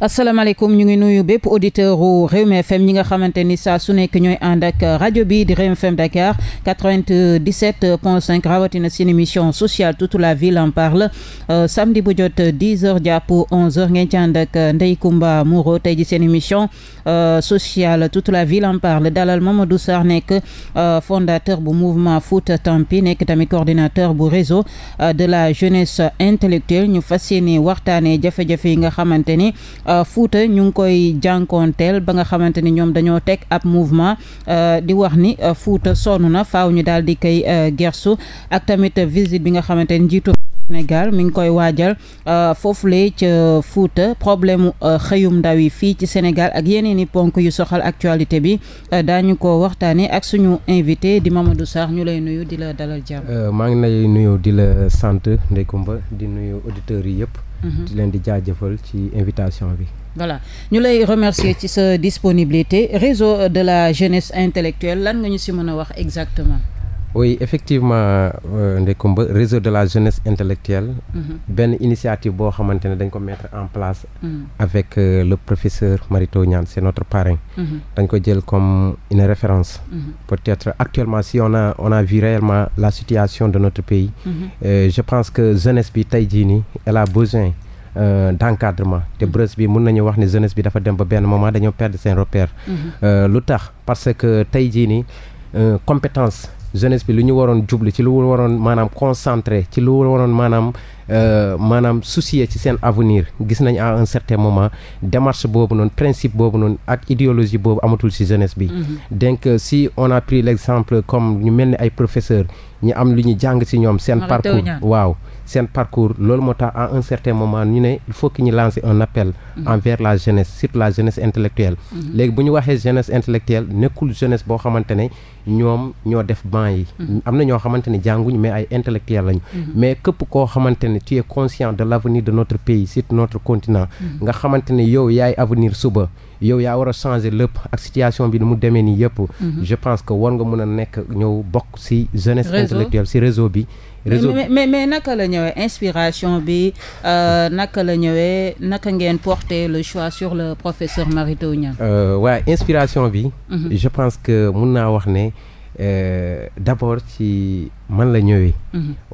asalaamaaleykum ñu ngi nuyu bépp auditeur u Rewmi FM ñi nga xamante ni saa su nekk ñooy ànd ak rajo bi di Rewmi FM Dakar 97 point 5 rawatina seen émission sociale toute la ville en parle euh, samedi bu jot 10 heures jàpp 11 heures ngeen ci ànd ak Ndeye Comba Moreau tey ji seen émission euh, sociale toute la ville en parle dalal Mamadou Sarr nekk euh, fondateur bu mouvement Fouta Tampi nekk tamit coordinateur bu réseau de la jeunesse intellectuelle ñu fas yéene waxtaanee jafe-jafe yi nga xamante ni Euh, fuuta ñu ngi koy jànkoonteel ba nga xamante ni ñoom dañoo teg ab mouvement euh, di wax ni euh, Fouta sonn na faaw ñu daal di koy gersu ak tamit visite bi nga xamante ni njiitu Sénégal mi ngi koy waajal foofu foofulee ca Fouta problème xëyum ndaw yi fii ci Sénégal ak yeneen i ponk yu soxal actualité bi daañu ko waxtaanee ak suñu invité di Mamadou Sarr ñu lay nuyu di la dalal jàmm. maa ngi lay nuyu di la sant Ndeye Comba di nuyu auditeurs yi yëpp. Mm-hmm. di leen di jaajëfal ci invitation bi. voilà ñu lay remercier ci sa disponibilité réseau de la jeunesse intellectuelle lan nga ñu si mën a wax exactement. oui effectivement euh, Ndekumba euh, réseau de la jeunesse intellectuelle mm -hmm. benn initiative boo xamante ne dañ ko mettre en place mm -hmm. avec euh, le professeur Marito Niane c'est notre parrain mm -hmm. dañ ko jël comme une référence mm-hmm. peut-être actuellement si on a on réellement la situation de notre pays mm-hmm. euh, je pense que jeunesse bi tey jii nii elle a besoin Euh, d'encadrement te mm-hmm. Breus bi mun nañu wax ne jeunesse bi dafa dem ba benn moment dañoo perdre seen repère. Euh, lu tax parce que tey jii nii euh, compétence jeunesse lu ñu waroon jubli ci lu waroon maanaam concentré ci lu waroon maanaam Euh, maanaam soucier ci seen avenir gis nañ à un certain moment démarche boobu noonu principe boobu noonu ak idéologie boobu amatul ci jeunesse bi. Mhm. donc euh, si on a pris l'exemple comme ñu mel ni ay professeurs ñu am lu ñu jàng ci ñoom seen parcours waaw seen parcours loolu moo tax à un certain moment ñu ne il faut que ñu lancer un appel mhm. envers la jeunesse surtout la jeunesse intellectuelle mhm. léegi bu ñu waxee jeunesse intellectuelle nekkul jeunesse boo xamante ne ñoom ñoo def ban yi am na ñoo xamante ne jànguñu mais ay intellectuels lañu ne tu es conscient de l' avenir de notre pays c'est notre continent mm-hmm. nga xamante ne yow yaay avenir suba yow yaa war a changer lépp ak situation bi nu mu demee nii yëpp mm-hmm. je pense que war nga mën a nekk ñëw bokk ci jeunesse intellectuelle ci réseau bi mais mais, mais naka la ñëwee inspiration bi euh, naka la ñëwee naka ngeen porter le choix sur le professeur Mary Teuw Niane. Euh, bi. Mm-hmm. je pense que mun naa wax ne euh, abord ci man la ñëwee.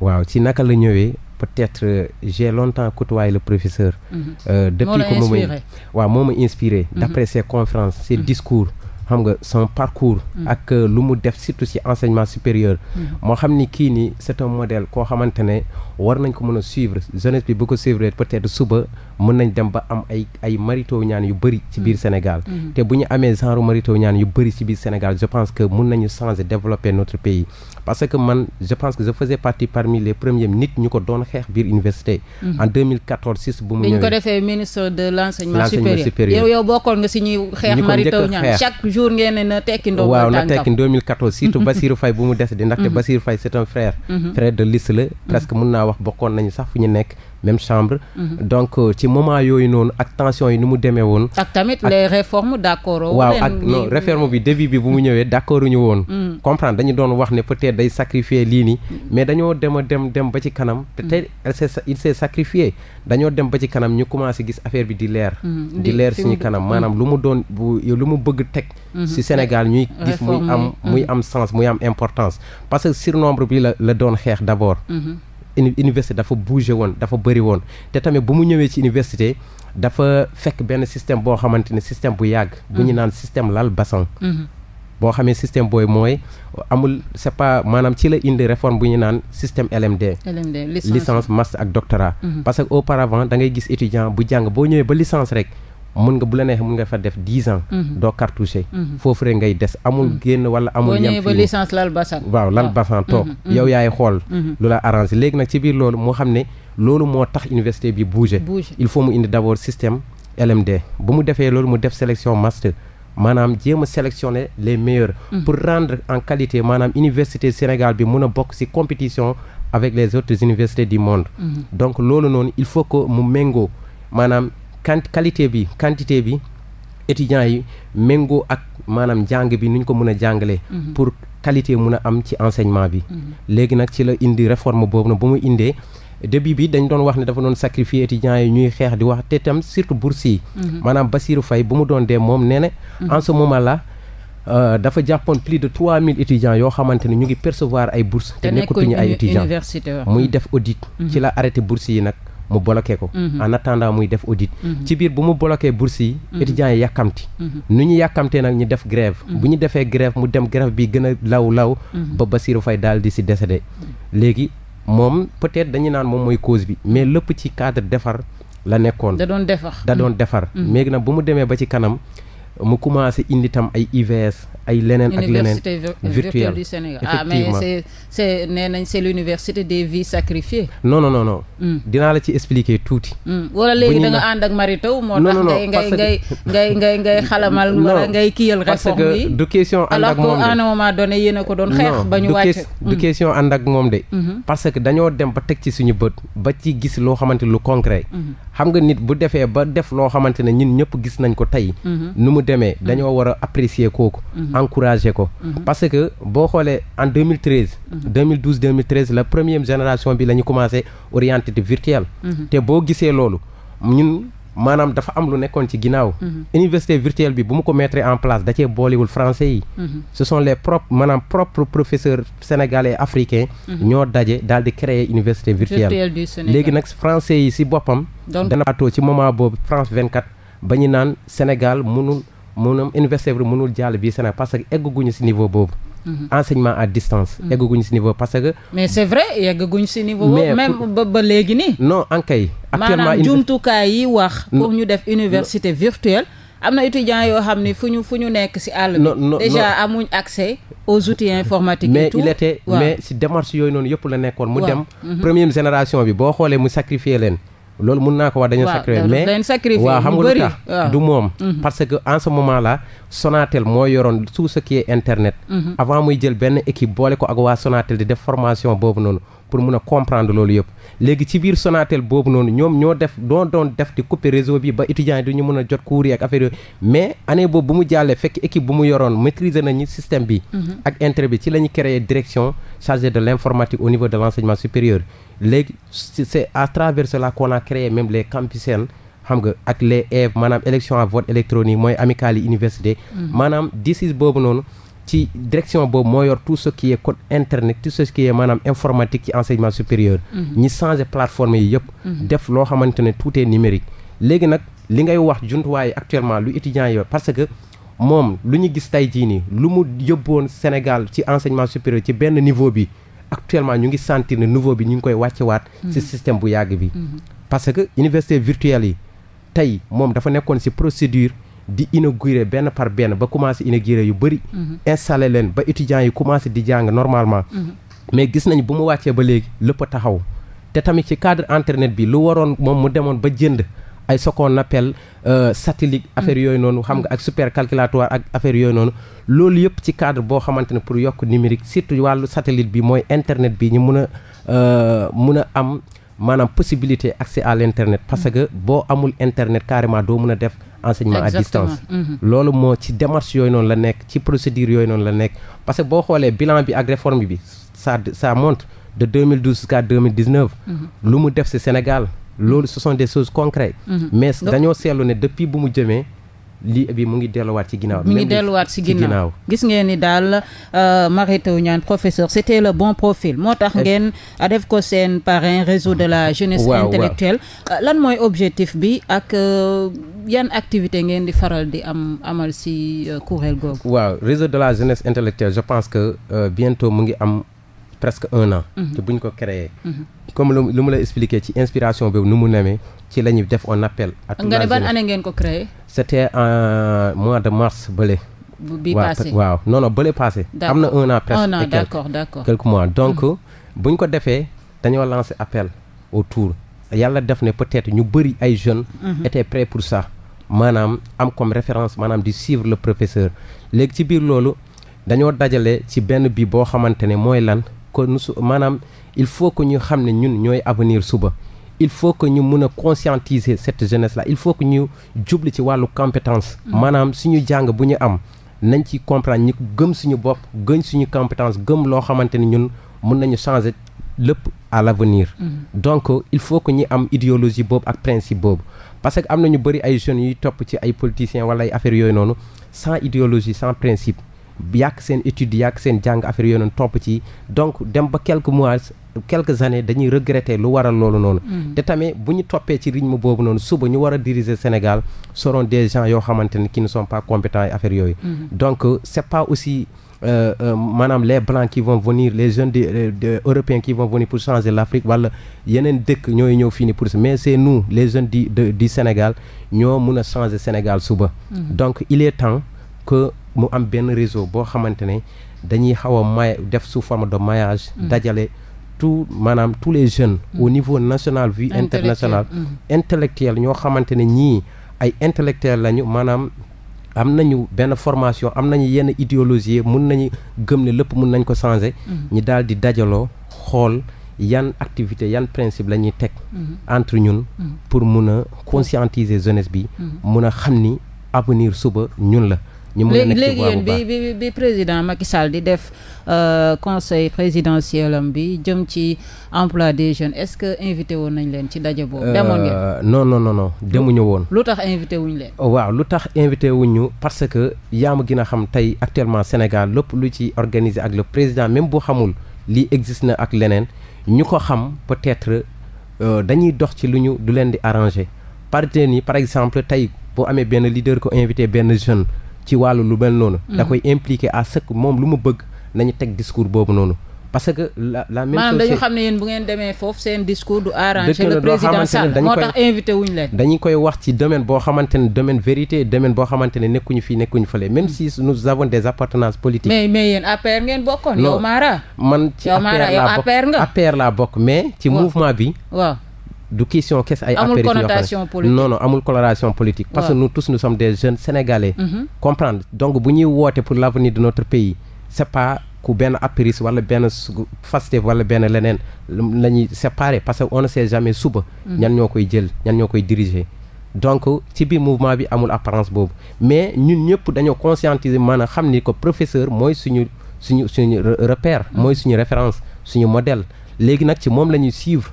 waaw ci naka la ñëwee peut-être euh, j'ai longtemps côtoyé le professeur mhm. euh, depuis que moom waaw moo ma inspiré mhm. d'après ses conférences ses mhm. discours xam nga son parcours ak euh, lu mu def surtout ci enseignement supérieur moo xam ni kii nii c'est un modèle koo xamante ne war nañ ko mën a suivre jeunesse bi bu ko suivre peut-être suba mën nañ dem ba am ay ay marito ñaan yu bëri ci biir Sénégal te bu ñu amee genre marito ñaan yu bëri ci biir Sénégal je pense que mën nañu changer parce que man je pense que je faisais partie parmi les premiers nit ñu ko doon xeex biir université. Mhm. en 2014 6 bu mu ñëwee. yow yow bokkoon nga si ñuy xeex. Mary Teuw chaque jour ngeen ne na tekki ndoom waaw na tekki 2014 surtout Bassirou bu mu des di ndaxte mhm. Bassirou Faye c' est un frère. Mhm. frère de liste la. presque mun naa wax bokkoon nañu sax fu ñu nekk. même chambre. Mhm. donc euh, ci moment yooyu noonu ak tension yi nu mu demee woon. ak tamit les réformes d' accord. waaw ak non réforme bi début bi bu mu ñëwee d' accord ñu woon. Mhm. comprendre dañu doon wax ne peut day sacrifier lii nii. Mhm. mais dañoo dem dem dem ba ci kanam. te tey il s' est sacrifié dañoo dem ba ci kanam ñu commencé gis affaire bi di leer. di leer suñu kanam maanaam lu mu doon bu lu mu bëgg teg. si Sénégal ñuy gis muy am muy am sens muy am importance parce que surnombre bi la la doon xeex d' abord. université dafa bougé woon dafa bëri woon te tamit bu mu ñëwee ci université dafa fekk benn système boo xamante ne système bu yàgg bu ñu mm-hmm. naan système lal basang mm-hmm. boo xamee système booy mooy amul c'est pas maanaam ci la indi réforme bu ñu naan système LMD. LMD licence licence master ak doctorat. Mm -hmm. parce que auparavant da ngay gis étudiant bu jàng boo ñëwee ba licence rek. mun nga bu la neexee mun nga fa def dix ans. Mhm. doo cartouché. Mhm. foofu rek ngay des amul mhm. génn wala amul. yem fii ba licence lal basan. waaw lal basan toog. yow yaay xool. lu la arrangé léegi nag ci biir loolu moo xam ne loolu moo tax université bi bougé. il faut mu indi d' abord système LMD bu mu defee loolu mu def sélection master. maanaam jéem a sélectionner les meilleurs. Mmh. pour rendre en qualité maanaam université Sénégal bi mun a bokk ci compétition avec les autres universités du monde. donc loolu noonu il faut que mu méngoo maanaam. quant qualité bi quantité bi étudiants yi méngoo ak maanaam jàng bi nu ñu ko mën a jàngalee. Mhm. pour qualité mun a am ci enseignement bi. Mhm. léegi nag ci la indi réforme boobu nag bu mu indee. début bi dañ doon wax ne dafa doon sacrifier étudiants yi ñuy xeex di wax te tam surtout bourse yi mhm. maanaam Bassirou fay bu mu doon dee moom nee na en ce moment là euh, dafa jàppoon plus de 3000 étudiants yoo xamante ne ñu ngi percevoir ay bourse te nekkatuñu ay étudiants muy def audit la arrêté bourse yi nag mu bloqué ko. Mhm. en attendant muy def audit. Mhm. ci biir bu mu bloqué bourse yi. Mhm. étudiants yi yàkkamti. nu ñu yàkkamtee nag ñu def grève. bu ñu defee grève mu dem grève bi gën a law law. ba Bassirou fay daal di si décédé. léegi moom peut-être dañu naan moom mooy cause bi mais lépp ci cadre defar la nekkoon. da doon defar da doon defar. léegi nag bu mu demee ba ci kanam mu commencé indi tam ay ivees ay leneen ak leneen euh, virtuelle du Sénégal ah mais c'est des vies sacrifiées non non non non hmm. dinaa la ci expliquer tuuti hmm. wala léegi da nga ànd ak maritaw moo tax ngay ngay ngay ngay ngay xalamal wala ngay kiyal réforme bi du question ànd ak moom de ko doon xeex ba hmm. parce que dañoo dem ba teg ci suñu bët ba ci gis loo xamante lu concret xam nga nit bu defee ba def loo xamante ne ñun ñëpp gis nañ ko tey nu mu demee dañoo war a apprécier kooku Mm-hmm. encouragé ko. Mm-hmm. parce que boo xoolee en 2013. 2012 2013 la première génération bi la ñu commencé orienté virtuel. Mm-hmm. te boo gisee loolu ñun. maanaam dafa am lu nekkoon ci ginnaaw. université virtuelle bi bu mu ko mettre en place da cee boolewul français yi. ce sont les propres maanaam propres professeurs sénégalais africains. ñoo daje daal di créer université virtuelle. léegi nag français yi si boppam. dana baatoo ci moment boobu France 24 ba ñu naan Sénégal mënul. mënam université bi mënul jàll bii Sénégal parce que egguñu ci niveau boobu. Mhm. enseignement à distance. Mhm. egguñu ci niveau parce que. mais c'est vrai egguñu ci niveau. boobu même ba ba léegi nii. non yi actuellement maanaam jumtukaay yi wax. pour ñu def université virtuelle. am na étudiants yoo xam ne fu ñu fu ñu nekk ci àll bi. déjà amuñ accès aux outils informatiques. et tout mais il était mais ci démarche yooyu noonu yëpp la nekkoon. mu dem mhm. première génération bi boo xoolee mu sacrifier leen. loolu mun naa ko wax dañoo sacrifié mais waa xam nga lu tax du moom mhm. parce que en ce moment Sonatel moo yoroon tout ce qui internet mhm. avant muy jël benn équipe boole ko ak waa Sonatel di def formation boobu noonu pour mun a comprendre loolu yëpp léegi ci biir Sonatel boobu noonu ñoom ñoo def doon doon def di couper réseau bi ba étudiants yi du ñu mën a jot cours yi ak affaire yooyu mais année boobu bu mu jàllee fekk équipe bu mu yoroon maîtriser nañu système bi mm-hmm. ak intérêt bi ci la ñu créé direction chargée de l'informatique au niveau de l'enseignement supérieur léegi c'est à travers cela qu'on a même les campusen xam nga ak les EVE maanaam élection à vote électronique mooy amicale yi université mm-hmm. maanaam disis boobu noonu ci direction boobu moo yor tout ce qui est code internet tout ce qui est maanaam informatique ci enseignement supérieur. Mhm. ñi changé plateforme yi yëpp. Mhm. def loo xamante ne tout est numérique. léegi nag li ngay wax jumtuwaay actuellement lu étudiants yi parce que moom lu ñu gis tey jii nii lu mu yóbboon Sénégal ci enseignement supérieur ci benn niveau bi actuellement ñu ngi sentir ne niveau bi ñu ngi koy wàccewaat. Mhm. ci système bu yàgg bi. parce que université virtuelle yi tey moom dafa nekkoon ci procédure. di inaugurer benn par benn ba commencé inaugurer yu bëri. Mhm. installé leen ba étudiants yi commencé di jàng normalement. Mhm. mais gis nañu bu mu wàccee ba léegi lépp taxaw te tamit ci cadre internet bi lu waroon moom mu demoon ba jënd. ay ce nappel appelle euh, satellite mhm. yooyu noonu xam nga ak supercalculatoire ak affaire yooyu noonu loolu yëpp ci cadre boo xamante ne pour yokk numérique surtout wàllu satellite bi mooy internet bi ñu mun a euh, mun a am maanaam possibilité accès à l' internet que mm-hmm. boo amul internet carrément doo mën a def enseignement Exactement. distance mm-hmm. loolu moo ci démarche yooyu noonu la nekk ci procédure yooyu noonu la nekk parce que boo xoolee bilan bi ak réforme bi ça ça montre de 2012 jusqu'à 2019 mm-hmm. lu mu def ci Sénégal loolu ce sont des choses concrètes mais dañoo seetlu ne depuis bu mu jëmee lii bi mu ngi delluwaat ci ginnaaw. mu ngi delluwaat ci ginnaaw gis ngeen ni daal euh, Mary Teuw Niane professeur c'était le bon profil moo tax ngeen euh, def ko seen parrain réseau de la jeunesse intellectuelle euh, lan mooy objectif bi ak yan activité ngeen di faral di am amal ci kuréel googu. waaw réseau de la jeunesse intellectuelle je pense que bientôt mu ngi am presque un an. Mhm. te buñ ko créer mhm. comme lu mu la expliquer ci inspiration boobu nu mu nemee ci la ñu def on appel. à toute la nga ne ngeen ko créé. c' était en mois de mars bële. bi waaw non non bële passé. am na on a presque. un an d' d' accord mois donc mm-hmm. bu ñu ko defee dañoo lancer appel autour yàlla def ne peut-être ñu bëri ay jeunes. Mm-hmm. étaient prêts pour sax maanaam am comme référence maanaam di suivre le professeur léegi ci biir loolu dañoo dajale ci benn bi boo xamante ne mooy lan kon su maanaam il faut que ñu xam ne ñun ñooy avenir suba. il faut que ñu mun a conscientiser cette jeunesse la il faut que ñu jubli ci wàllu compétence mm. maanaam suñu jàng bu ñu am nañ ci comprendre ñu gëm suñu bopp gën suñu compétence gëm loo xamante ni ñun mun nañu changer lépp à l'avenir mm. donc il faut que ñu am idéologie boobu ak principe boobu parce que am na ñu bëri ay jeunes yuy topp ci ay politiciens wala ay affaires yooyu noonu sans idéologie sans principe yàq seen étude yàq seen jàng affaire yooyu noonu topp ci donc dem ba quelques mois quelques années dañuy regretter lu waral loolu noonu mm. te tamit bu ñu toppee ci rythme boobu noonu suba ñu war a diriger Sénégal seront des gens yoo xamante ne qui ne sont pas compétents affaire yooyu mm-hmm. donc euh, c'est pas aussi euh, euh, maanaam les blancs qui vont venir les jeunes de, euh, de européens qui vont venir pour changer l'Afrique wala yeneen dëkk ñooy ñëw fii ni pour mais c'est nous les jeunes di du Sénégal ñoo mun a changer Sénégal suba. mm que mu am benn réseau boo xamante ne dañuy xaw a may def su forme de maillage dajale tout maanaam tous les jeunes au niveau national vu international intellectuel ñoo xamante ne ñii ay intellectuel lañu maanaam am nañu benn formation am nañu yenn idéologie mun nañu gëm ne lépp mun nañ ko changer ñi daal di dajaloo xool yan activité yan principe la ñuy teg entre ñun pour mun a conscientiser jeunesse bi mun a xam ni avenir suba ñun la ñi mën a léegi yéen bi bi bi président Macky di def euh, conseil présidentiel am bi jëm ci emploi des jeunes est-ce que invité woon nañ leen ci daje boobu. Euh, demoon ngeen non non non demuñu woon. lu tax invité wuñ leen. Oh, waaw lu tax invité wuñu parce que yaa a gën a xam tey actuellement Sénégal lépp lu ci organisé ak le président même boo xamul lii existe na ak leneen ñu ko xam peut-être euh, dañuy dox ci lu ñu du leen di arranger partenaires yi par exemple tey boo amee benn leader ko invité benn jeune. ci wàllu lu mel noonu. Mm. da koy impliqué à ce moom lu mu bëgg nañu teg discours boobu noonu. parce que la la xam ne yéen bu ngeen demee foofu seen discours du arranger le président Sall moo koy wax ci domaine boo xamante ne domaine vérité domaine boo xamante ne nekkuñu fii nekkuñu fële même si nous avons des appartenances politiques mais mais yéen APR ngeen bokkoon yow Mara man ci yow Mara yow APR nga laa bokk mais ci mouvement bi waaw du question kes ay affaire connotation politique non non amul connotation politique parce que nous tous nous sommes des jeunes mm-hmm. comprendre donc bu ñuy woote pour l'avenir de notre pays c'est pas ku benn apéris wala benn Pastef wala benn leneen la ñuy séparer parce que on ne sait jamais suba mm-hmm. ñan ñoo koy jël ñan ñoo koy diriger donc ci biir mouvement bi amul apparence boobu mais ñun ñëpp dañoo conscientiser maanaam xam ni ko professeur mooy suñu suñu suñu repère mm-hmm. mooy suñu référence suñu modèle léegi nag ci moom la ñuy suivre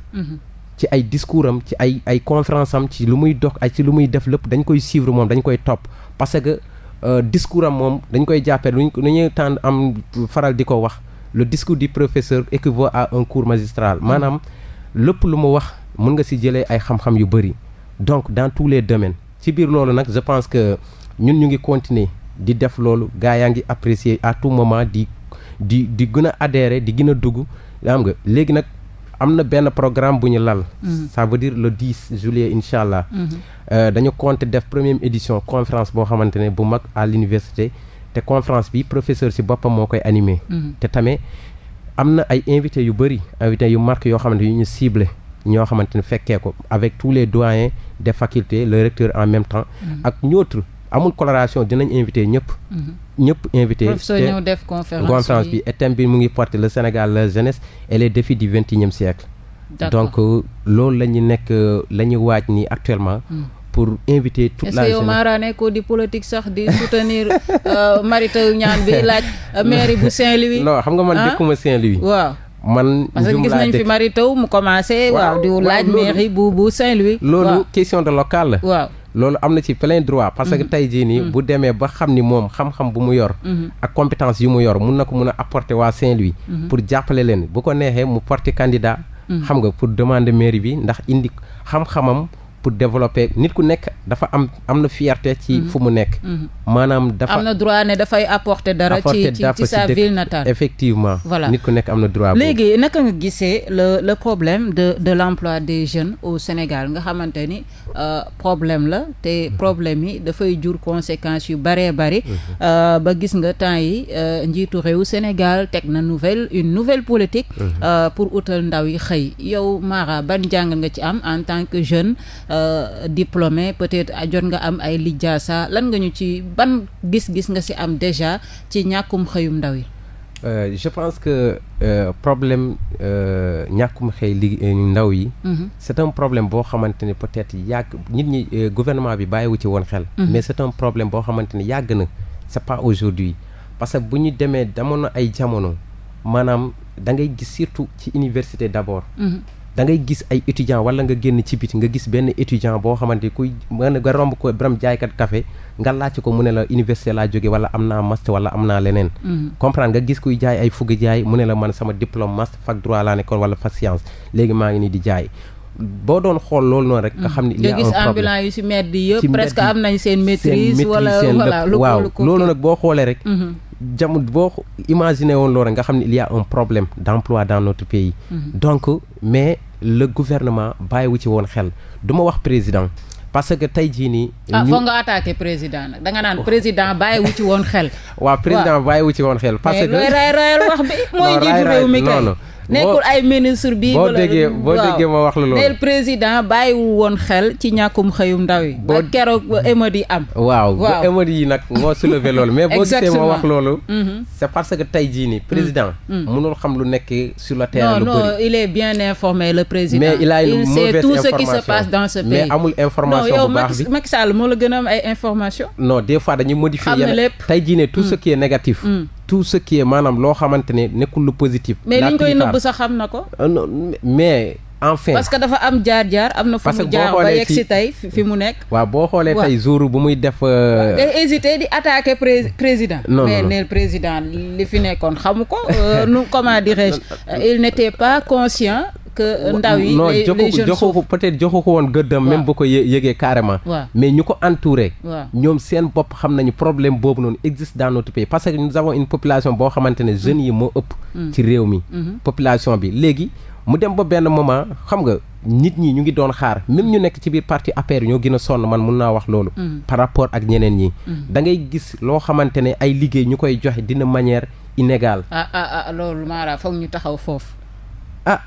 ci ay discours am ci ay ay conférence am ci lu muy dox ay ci lu muy def lépp dañ koy suivre moom dañ koy topp parce que euh, discours am moom dañ koy jàppee lu ñuy tànn am faral di ko wax le discours di professeur équivaut à un cours magistral mm. maanaam lépp lu mu wax mën nga si jëlee ay xam-xam yu bëri donc dans tous les domaines ci biir loolu nag je pense que ñun ñu ngi continuer di def loolu gars yaa ngi apprécier à tout moment di di di gën a adhérer di gën a dugg xam nga léegi nag am na benn programme bu ñu lal. Mhm. ça veut dire le 10 juillet incha allah. Mhm. Euh, dañu compter def première édition conférence boo xamante ne bu mag à l'université te conférence bi professeur ci boppam moo koy animer. Mhm. te tamit am na ay invités yu bëri invités yu marque yoo xamante yu ñu ciblé. ñoo xamante ne fekkee ko avec tous les doyens des facultés le recteur en même temps. ak ñootre amul coloration dinañ invité ñëpp. Mhm. ñëpp invité. professeur ñëw def conférence bi et bi mu ngi porter le Sénégal la jeunesse et les défis du vingt et unième siècle. donc euh, loolu la ñu nekk la ñu waaj ni actuellement. Mhm. pour invité toute la jeunesse. est sax di soutenir euh, Mary Teuw bi laaj euh, mairie bu Saint-Louis. non xam nga man ah? dëkkuma Saint-Louis. waaw. man parce que mu commencé. waaw di laaj mairie bu bu Saint-Louis. loolu question de locale la. waaw. loolu am na ci plein droit parce que mhm. tey jii nii mhm. bu demee ba xam ni moom xam-xam bu mu yor mhm. ak compétence yu mu yor mun na ko mun a apporter waa Saint-Louis pour jàppale leen bu ko neexee mu porter candidat xam nga pour demander mairie bi ndax indi xam-xamam pour développer nit ku nekk dafa am am na fierté ci mhm. fu mu nekk mhm. maanaam dafa am na droit ne dafay apporter dara ci ci sa ville natale effectivement voilà nit ku nekk am na droit léegi naka nga gisee le le problème de de l'emploi des jeunes au Sénégal nga xamante ni euh, problème la te mhm. problème yi dafay jur conséquences yu bëree bëri euh, ba gis nga temps yi euh, njiitu réew Sénégal teg na nouvelle une nouvelle politique pour utal ndaw yi xëy yow Mara ban jàng nga ci am en tant que jeune Euh, diplômé peut-être ah, jot nga am ay lijjaasa lan nga ñu ci ban gis-gis nga si am déjà ci ñàkkum xëyum ndaw yi. Euh, je pense que euh, problème euh, ñàkkum xëy li ndaw yi. Mhm. c'est un boo xamante ne peut-être yàgg nit ñi gouvernement bi bàyyiwu ci woon xel. Mhm. mais c'est un problème boo xamante ne yàgg na c'est pas aujourd'hui parce que bu ñu demee na ay jamono maanaam da ngay gis surtout ci université d'abord. Mm da ngay gis ay étudiant wala nga génn ci biti nga gis benn étudiant boo xamante kuy nga romb ko borom jaaykat café nga laajte ko mu ne la université laa jóge wala am naa master wala am naa leneen mm-hmm. comprendre nga gis kuy jaay ay fugg jaay mu ne la man sama diplôme master fac droit laa nekkoon wala fac science léegi maa ngi nii di jaay boo doon xool loolu noonu rek nga xam ni il y a un problème ambulant yu si mbedd yi yëpp boo xoolee rek jamono boo imaginer woon loolu rek xam ne il y a un notre pays mm-hmm. donc mais le gouvernement bàyyiwu ci woon xel du ma wax président parce que tey jii nii. ah foog nga attaqué président nag da nga naan président bàyyiwu ci woon xel. waaw président bàyyiwu ci woon xel. parce que mais looy rayal wax bi. mooy njiitu réew mi kay nekkul ay ministre bi boo déggee boo déggee ma wax la loolu neel président bàyyiwul woon xel ci ñàkkum xëyum ndaw yi ba keroog ba émeute am waaw ba émeute yi nag moo soulevé loolu mais boo gisee ma wax loolu mhm. c'est parce que tey jii ni président mm. Mm. mënul xam lu lu bëri non non il est informé le président mais il a une mauvaise information il sait tout ce qui se mais amul information bu baax bi yow Macky moo la gën ay information non des fois dañuy modifier am na lépp tey jii ne tout ce mm. qui est négatif tout ce qui est maanaam loo xamante ne nekkul lu positif. mais li ñu koy nëbb sax xam na ko. Euh, mais enfin. parce que dafa am jaar jaar am na fu mu jaar ba yegg si tey fi mu nekk. waaw boo xoolee tey jour bu muy def. day euh, hésité di attaquer président. non mais neel président li fi nekkoon xamu ko euh, nu comment dirais il n'était pas conscient. que euh, ndaw yi non joxu ko peut être joxu woon gëddam même bu ko yëgee carrément mais ñu ko entouré ñoom seen bopp xam nañu problème boobu noonu existe dans notre parce que nous avons une population boo xamante ne jeune yi moo ëpp mm. ci réew mi mm-hmm. population bi léegi mu dem ba benn moment xam nga nit ñi ñu ngi doon xaar même ñu nekk ci biir partie APR ñoo gën a sonn man mun naa wax loolu mm. par rapport ak ñeneen ñi mm. da ngay gis loo xamante ne ay liggéey ñu koy joxe dina manière inégale ah ah ah loolu ñu taxaw foofu ah,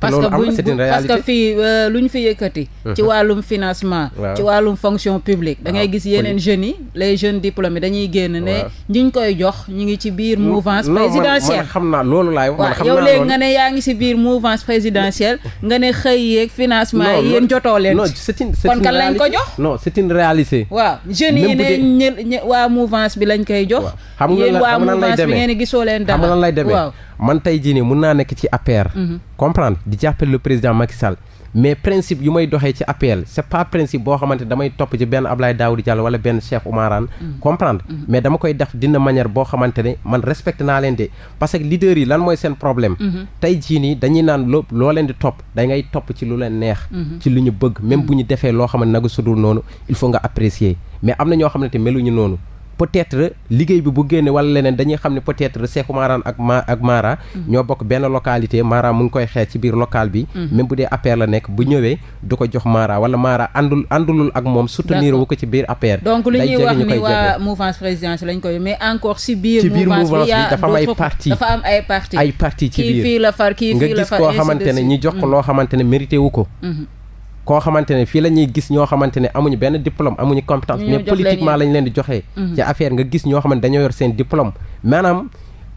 parce que buñ parce que fii euh, lu ñu fi yëkkati. ci wàllum financement. ci wàllum fonction publique. da ngay gis yeneen jeunes yi les jeunes diplômés dañuy génn ne. ñu ñu koy jox ñu ngi ci biir. mouvance présidentielle xam naa loolu laay wax. xam naa yow léegi nga ne yaa ngi si biir mouvance présidentielle nga ne xëy yeeg financement yi yéen jotoo leen. non c'est une kon kan lañ ko jox. non c'est une réalité. waaw jeunes yi ne ñe waa mouvance bi lañ koy jox. xam nga lan lay demee yéen waa mouvance bi ngeen gisoo leen dara. waaw man tey jii mun naa nekk ci APR. Mm-hmm. comprendre di jàppale le président Macky Sall mais principe yu may doxee ci APL c' principe boo xamante damay topp ci benn Ablaye Daoud Diallo wala benn Cheikh Oumarane mm. comprendre mm. mais dama koy def dina manière boo xamante ne man respecté naa leen de parce que leader yi lan mooy seen problème mm-hmm. tey jii nii dañuy naan loo leen di topp da topp ci lu leen neex mm-hmm. ci lu bëgg même bu mm-hmm. ñu defee loo xamante naga sudul noonu il faut nga apprécier mais am na peut-être liggéey bi bu génne wala leneen dañuy xam ne peut-être Sékou Marane ak ma ak Mara mm-hmm. ñoo bokk benn localité Mara mu ngi koy xeex ci biir local bi mm-hmm. même bu dee APR la nekk bu ñëwee du ko jox Mara wala Mara àndul àndulul ak moom soutenir wu ko ci biir APR donc lu ñuy wax ni waa mouvance présidentielle lañ koy mais encore si biir mouvance bi dafa am ay parti ay parti ay parti ci biir nga gis koo xamante ne ñu jox ko mm. loo xamante ne mérité wu ko mm-hmm. koo xamante ne fii la ñuy gis ñoo xamante ne amuñu benn diplôme amuñu compétence mais politiquement lañ leen di joxee mhm. ci affaire nga gis ñoo xamante dañoo yor seen diplôme maanaam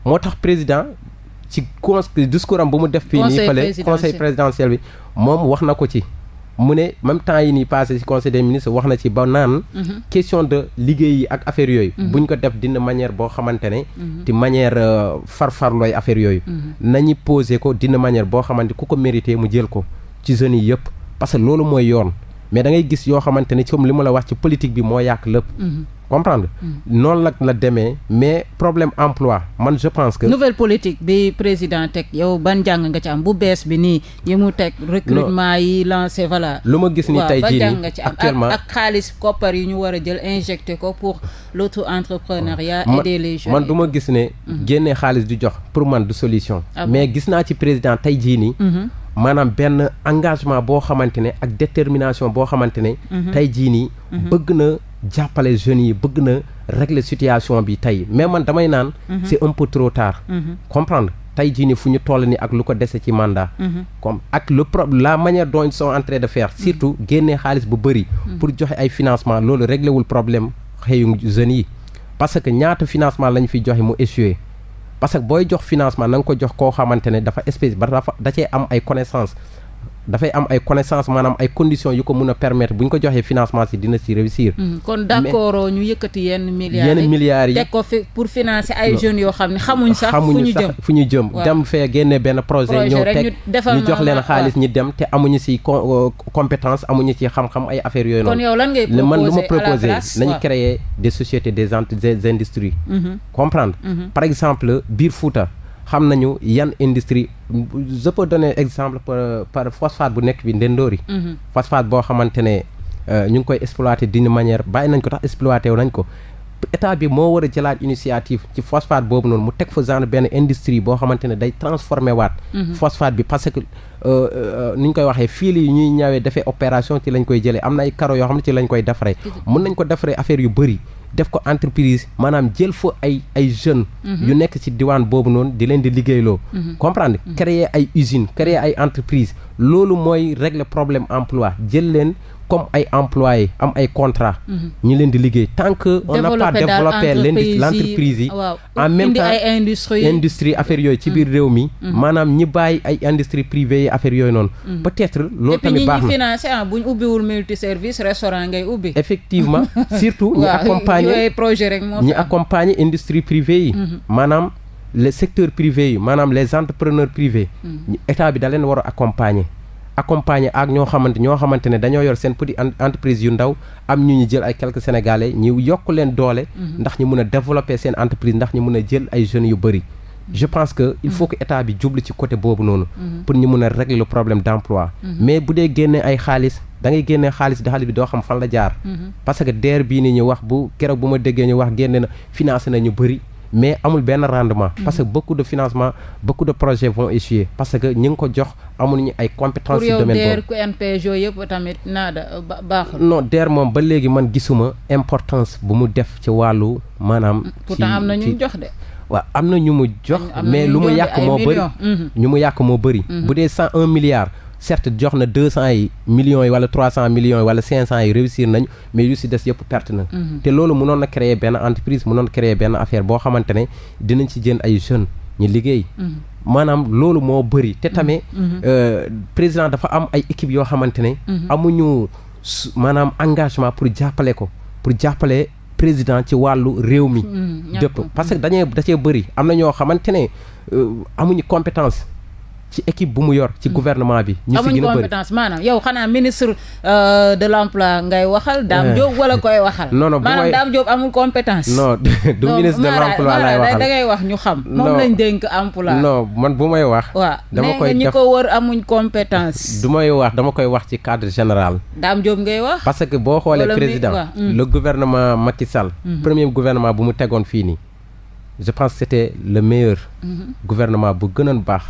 moo tax président ci con discours am bu mu def fii nii fële conseil présidentiel bi moom wax na ko ci mu ne même temps yi nii passé des ministres wax na ci ba naan mhm. question de liggéey yi ak affaire yooyu mhm. buñ ko def dina manière boo xamante ne di manière euh, farfarlooy affaire yooyu nañu posé ko dina manière boo xamante ku ko mérité mu jël ko ci jeunes yi yëpp parce que loolu mooy yoon mais da ngay gis yoo xamante ni comme li ma la wax ci politique bi moo yàq lépp mhm. comprendre mhm. noonu nag la demee mais problème emploi man je pense que nouvelle politique bi président teg yow ban jàng nga ci am bu bees bi nii yi mu teg recrutement yi lancé voilà lu ma gis ni tey jii nga ci am actuellement ak xaalis koppar yi ñu war a jël injecté ko pour l'auto entrepreneuriat aider les jeunes man du ma gis ne mhm. génnee xaalis du jox pour man du solution ah mais gis naa ci président tey jii nii maanaam benn engagement boo xamante ne ak détermination boo xamante ne. Mhm. tey jii nii. Mhm. bëgg na jàppale jeunes yi bëgg na régler situation bi tey mais man damay naan. Mhm. c'est un trop tard. comprendre tey jii nii fu ñu toll nii ak lu ko dese ci mandat. comme ak le pro la manière dont ils sont de faire. surtout génnee xaalis bu bëri. pour joxe ay financement loolu réglé wul problème xëyu jeunes yi. parce que ñaata financement lañu fi joxe mu échoué. parce que booy jox financement na nga ko jox koo xamante ne dafa espèce ba dafa da cee am ay connaissance dafay am ay connaissance maanaam ay conditions yu ko mun a permettre bu ñu ko joxee financement si dina si réussir. Mm-hmm. kon d' accord ñu yëkkati yenn milliards yenn milliards yi teg ko fi pour financer ay jeunes yoo xam ne xamuñ sax fu ñu jëm fu ñu jëm dem fee génne benn projet ñëw teg ñu jox leen xaalis ñi dem te amuñu si euh, compétence amuñu ci xam-xam ay affaires yooyu noonu. kon lan ngay proposer man lu ma proposer nañu créer des sociétés des des industries mm-hmm. comprendre mm-hmm. par exemple biir Fouta xam nañu yan industrie je peux donner exemple par, par phosphate bu nekk bi Ndendoori. Mhm. phosphate boo xamante ne euh, ñu ngi koy exploiter d'une manière bàyyi nañ ko tax exploiter wu nañ ko. état bi moo war a jëlaat initiative ci phosphate boobu noonu mu teg fa genre benn industrie boo xamante ne day transformé waat mhm. phosphate bi parce que euh, euh, ni ñu koy waxee fil yi ñuy ñawee defee opération ci lañ koy jëlee am na ay carreaux yoo xam ne ci lañ koy defaree mën nañ ko defaree affaire yu bëri def ko entreprise maanaam jël fa ay ay jeunes. Mhm. yu nekk ci diwaan boobu noonu di leen di liggéeyloo. Mhm. comprendre mhm. créer ay usines créer ay entreprises loolu mooy régler problème emploi jël leen. comme ay employés am ay contrat mhm. ñu leen di liggéey tant que on n'a pas développé l'entreprise yi en même temps industrie affaire yooyu ci biir mhm. réew mi mhm. maanaam ñi bàyyi ay industrie privée yi affaire yooyu noonu peut-être loolu tamit baax na financé ah bu ñu ubbiwul multiservice restaurant ngay ubbi effectivement surtout ñu accompagner projet rek moo ñu accompagner industrie privée yi maanaam les secteurs privés yi état bi da leen war a accompagner accompagner ak ñoo xamante ñoo xamante ne dañoo yor seen petit entreprise yu ndaw am ñu ñu jël ay quelques sénégalais ñu yokk leen doole. Mhm. ndax ñu mën a développer seen entreprise ndax ñu mën a jël ay jeunes yu bëri. Mhm. je pense que il faut que état bi jublu ci côté boobu noonu. Mhm. pour ñu mën a régler le problème d' mais bu dee génnee ay xaalis da ngay génnee xaalis di xaalis bi doo xam fan la jaar. parce que bii ni ñu wax bu keroog bu ma déggee ñu wax génne na financé na ñu bëri. mais amul benn rendement mm-hmm. parce que beaucoup de financement beaucoup de projets vont échouer parce que ñi ngi ko jox ñu ay compétence ci domaine boobu DER yëpp tamit naada baax non DER moom ba léegi man gisuma importance bu mu def ci wàllu maanaam mm, pourtant am na ñu jox de waaw am na ñu mu jox mais lu mu yàq moo bëri mm-hmm. ñu mu yàq moo bëri mm-hmm. bu dee cent un milliard certes jox na deux cent yi millions yi wala trois cent millions yi wala cinq cent yi réussir nañu mais yu si des yëpp perte na. Mhm. te loolu mënoon na créer benn entreprise mënoon créer benn affaire boo xamante ne dinañ ci jënd ay jeunes ñu liggéey. Mhm. maanaam loolu moo bëri te mhm. tamit. Euh, président dafa am ay équipe yoo xamante ne. amuñu maanaam engagement pour jàppale ko pour jàppale. président ci wàllu réew mi parce que dañee da bëri am na ñoo xamante ne euh, amuñu compétence ci équipe bi mu yor ci hmm. gouvernement bi. ñu si gën a bëri amuñ compétence maanaam yow xanaa ministre euh, de l'emploi ngay waxal. Dame eh. Diop wala koy waxal. non non bu may maanaam Dame Diop amul compétence. non du ministre de l'emploi laay ngay wax ñu xam. moom lañ dénk man bu may wax. waa dama koy def ñi ko wër amuñ compétence. du may wax dama koy wax ci cadre général. Dame Diop ngay wax. parce que boo xoolee président hmm. la gouvernement Macky Sall. Hmm. premier gouvernement bu mu tegoon fii nii. je pense que c'était le meilleur. gouvernement bu gënoon baax.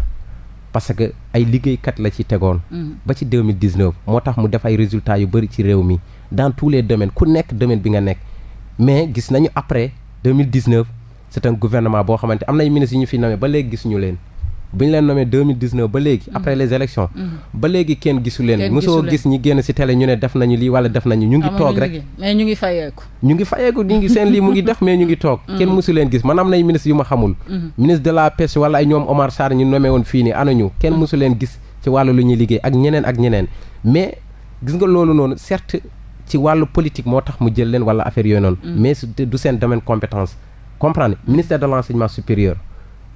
parce que ay liggéeykat la ci tegoon. Mm. ba ci 2019 moo tax mu def ay résultats yu bëri ci réew mi dans tous les domaines ku nekk domaine bi nga nekk mais gis nañu après 2019 c'est un gouvernement boo xamante am nay ministres yu ñu fi namee ba léegi gis ñu leen. bu ñu leen nomee 2019 ba léegi mm-hmm. après les élections mm-hmm. ba léegi kenn gisu leen mosoo gis ñi génn ci télé ñu ne def nañu lii wala def nañu ñu ngi toog rek mais ñu ngi fayeeku ñu ngi fayeeku ñu ngi seen lii mu ngi def mais ñu ngi toog mm-hmm. kenn mosu leen gis man am nay ministre yu ma xamul ministre de la pêche wala ay ñoom Omar Sarr ñu nommé woon fii nii anañu kenn mosu leen gis ci wàllu lu ñuy liggéey ak ñeneen ak ñeneen mais gis nga loolu noonu certes ci wàllu politique moo tax mu jël leen wala affaire yooyu noonu mais du seen domaine compétence comprendre ministère de l'enseignement supérieur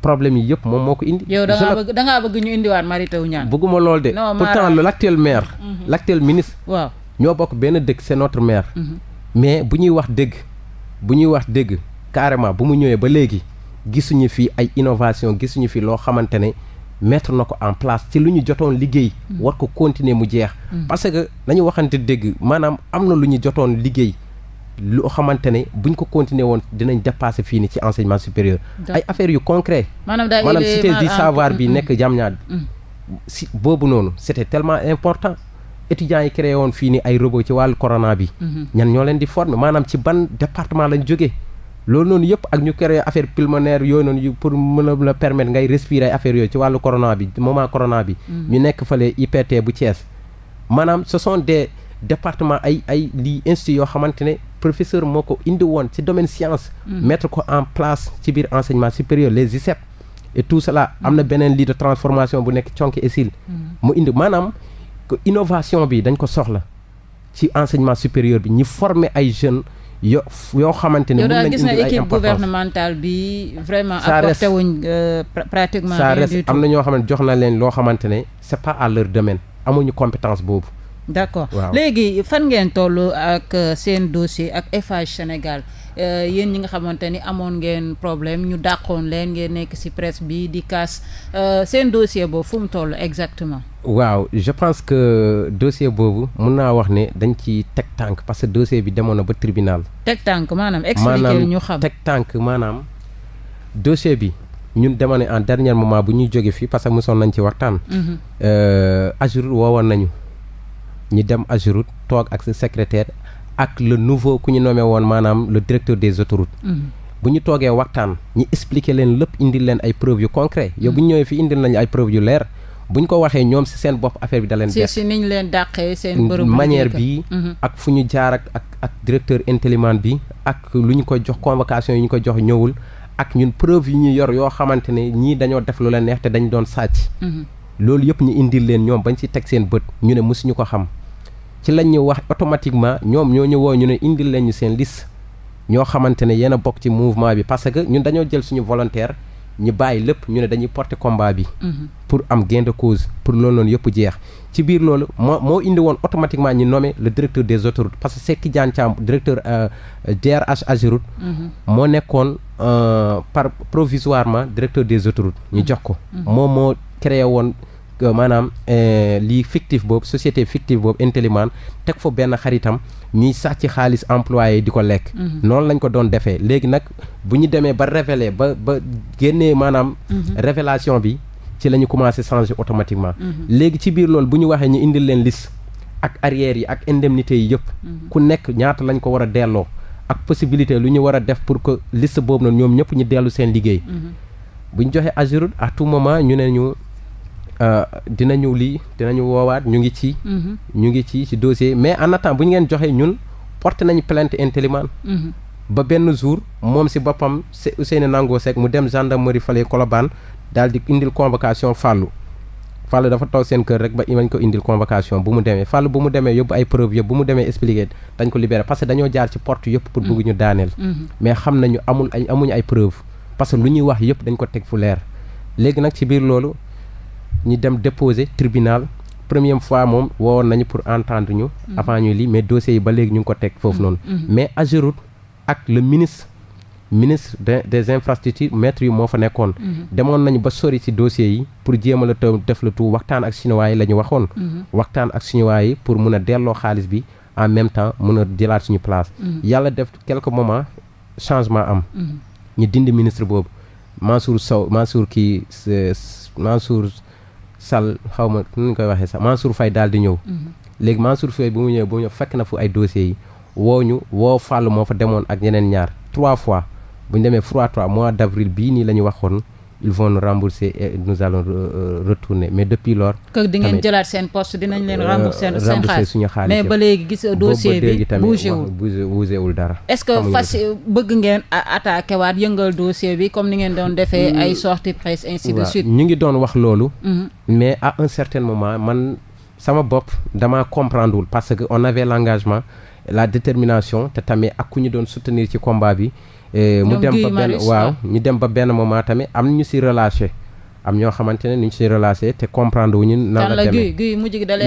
problème yi yëpp moom moo ko indi. yow da ñu indiwaat Mary Teuw Niane. bëgguma lool de pourtant l' actuel maire. Mm-hmm. l' actuel ministre. ñoo bokk benn dëkk c' est mm-hmm. mais bu ñuy wax dégg bu ñuy wax dégg carrément bu mu ñëwee ba léegi gisuñu fi ay innovation gisuñu fi loo xamante ne mettre na ko en place ci lu ñu jotoon liggéey. Mm-hmm. war ko continuer mu jeex. parce que nañu waxante dégg maanaam am na lu ñu jotoon liggéey. lu xamante ne buñ ko continuer woon dinañ dépasser fii ni ci enseignement supérieur ay affaires yu concret maanaam cité du ah, savoir bi nekk Diamniadio mm-hmm. si boobu noonu c'était tellement important étudiants yi créé woon fii ni ay robot ci wàllu corona bi mm-hmm. ñan ñoo leen di former maanaam ci ban département lañ jógee loolu noonu yëpp ak ñu créé affaire pulmonaire yooyu noonu pour mën a la permettre ngay respirer affaire yooyu ci wàllu corona bi moment corona bi mm-hmm. ñu nekk fale IPT bu professeur moo ko indi woon ci domaine science. Mhm. mettre ko en place ci biir enseignement supérieur les ICEP. et tout la am na mhm. beneen lii de transformation bu nekk conki esil mhm. mu indi maanaam innovation bi dañ ko soxla ci enseignement supérieur bi ñi former ay jeunes. yo yoo xamante ne mën nañu indi ay importance équipe gouvernementale bi vraiment. apporté wuñ euh, pratiquement. rien du tout am na ñoo xamante jox na leen loo xamante ne c'est par à leur domaine amuñu compétence boobu. d' accord waaw. léegi fan ngeen toll ak euh, seen dossier ak Eiffage Sénégal euh, yéen ñi nga xamante ni amoon ngeen problème ñu dàqoon leen ngeen nekk ci presse bi di kaas euh, seen dossier boobu fu mu toll exactement. waaw je pense que dossier boobu mun naa wax ni dañ ci teg tànk parce que dossier bi demoon na ba tribinal teg tànk maanaam expliquer ñu xam teg tànk maanaam dossier bi. ñun dama ne en dernier moment bu ñuy jóge fii parce que mosoon nañ ci waxtaan. Mhm. Euh, Azur woowoon nañu. ñi dem Ageroute toog ak sa secrétaire ak le nouveau ku ñu nommé woon maanaam le directeur des autoroutes. Mm-hmm. bu ñu toogee waxtaan ñu expliquer leen lépp indil leen ay preuves yu concret yow bu ñu ñëwee fi indil nañu ay preuves yu leer bu ñu ko waxee ñoom si seen bopp affaire bi da leen. si si ni ñu leen dàqee seen. bërëb bi mm-hmm. ak fu ñu jaar ak ak ak directeur bi ak lu ñu ko jox convocation yi ñu ko jox ñëwul ak ñun preuve yi ñu yor yoo xamante ne ñii dañoo def lu leen neex te dañ doon sàcc. Mm-hmm. loolu yëpp ñu indil leen ñoom bañ si teg seen bët ñu ne mosuñu ko xam. ci lañ ñu wax automatiquement ñoom ñoo ñu woo ñu ne indil leen ñu seen liste ñoo xamante ne yéen a bokk ci mouvement bi parce que ñun dañoo jël suñu volontaire ñu bàyyi lépp ñu ne dañuy porter combat bi. Mhm. pour am gain de cause pour loolu noonu yëpp jeex. ci biir loolu moo moo indi woon automatiquement ñu nommé le directeur des autoroutes parce que Seck Tidiane Thiam directeur DRH euh, euh, Ageroute. Mhm. moo nekkoon euh, par provisoirement directeur des autoroutes. ñu jox ko. Mhm. moom moo créé woon. maanaam eh, lii fictif boobu société fictive boobu Intelliman teg fa benn xaritam sax ci xaalis emploi employé di ko lekk. Mhm. noonu lañ ko doon defee léegi nag bu ñu demee ba révélé ba ba génnee maanaam. Mhm. révélation bi ci la ñu changé automatiquement. Mhm. léegi ci biir lool bu ñu waxee ñu indil leen liste ak arrière yi ak indemnité yi yëpp. ku nekk ñaata lañ ko war a delloo. ak possibilité lu ñu war a def pour que liste boobu noonu ñoom ñëpp ñu dellu seen liggéey. Euh, dinañu lii dinañu woowaat ñu ngi ci. Mhm. ñu ngi ci ci dossier mais en attendant bu ñu ngeen joxee ñun porte nañu plainte Intélimane. Mhm. ba benn jour moom si boppam Ousseynou Nango Seck mu dem gendarmerie fale Colobane daal di indil convocation Fallou Fallou dafa toog seen kër rek ba ko indil convocation bu mu demee Fallou bu mu demee yóbbu ay preuve yëpp bu mu demee expliqué dañ ko libéré parce que dañoo jaar ci porte yëpp pour mm. bëgg ñu daaneel mhm. mais xam nañu amul ay amuñu ay preuve parce que lu ñuy wax yëpp dañ ko teg fu leer léegi nag ci biir loolu ñu dem déposé tribunal première fois moom woowoon nañu pour entendre ñu. Mm-hmm. avant ñu mais dossiers yi ba léegi ñu ngi ko teg foofu noonu. Mm-hmm. mais Ageroute ak le ministre. ministre de des infrastructures maître yi moo fa nekkoon. Mm-hmm. demoon nañu ba sori ci dossier yi pour jéem a la taw def la tout waxtaan ak chinois yi la ñu waxoon. waxtaan ak chinois yi pour mun a delloo xaalis bi en même temps mun a suñu place. yàlla def quelque moment changement am. ñu dindi ministre boobu Mansour Sow Mansour kii Mansour. Sall xaw ma nu ñu koy waxee sax Mansour Faye daal di ñëw. Mhm. léegi Mansour Faye bu mu ñëwee bu mu ñëw fekk na fu ay dossiers yi woo ñu woo Fall moo fa demoon ak ñeneen ñaar trois fois bu ñu demee trois trois mois d' avril bii nii la ñu waxoon. ils vont nous rembourser et nous allons euh, euh, retourner mais depuis lors. tamit di ngeen jëlaat seen poste dinañ leen. Euh, rembourser seen xaalis suñu xaalis mais ba léegi gis dossier bi bougé wul dara. est-ce que fas ngeen attaqué waat yëngal dossier bi comme ni ngeen doon defee ay mm. sorties presse ainsi de suite. ñu ngi doon wax loolu. Mm-hmm. mais a un certain moment man sama bopp damaa comprendre wul parce que on avait l'engagement la détermination te tamit ak ku ñu doon soutenir ci combat bi. Eh, mu dem ba benn waaw ñu dem ba benn moment tamit am ñu si relâché am ñoo xamante ne ñu si relâché te comprendre wu ñu nan la demee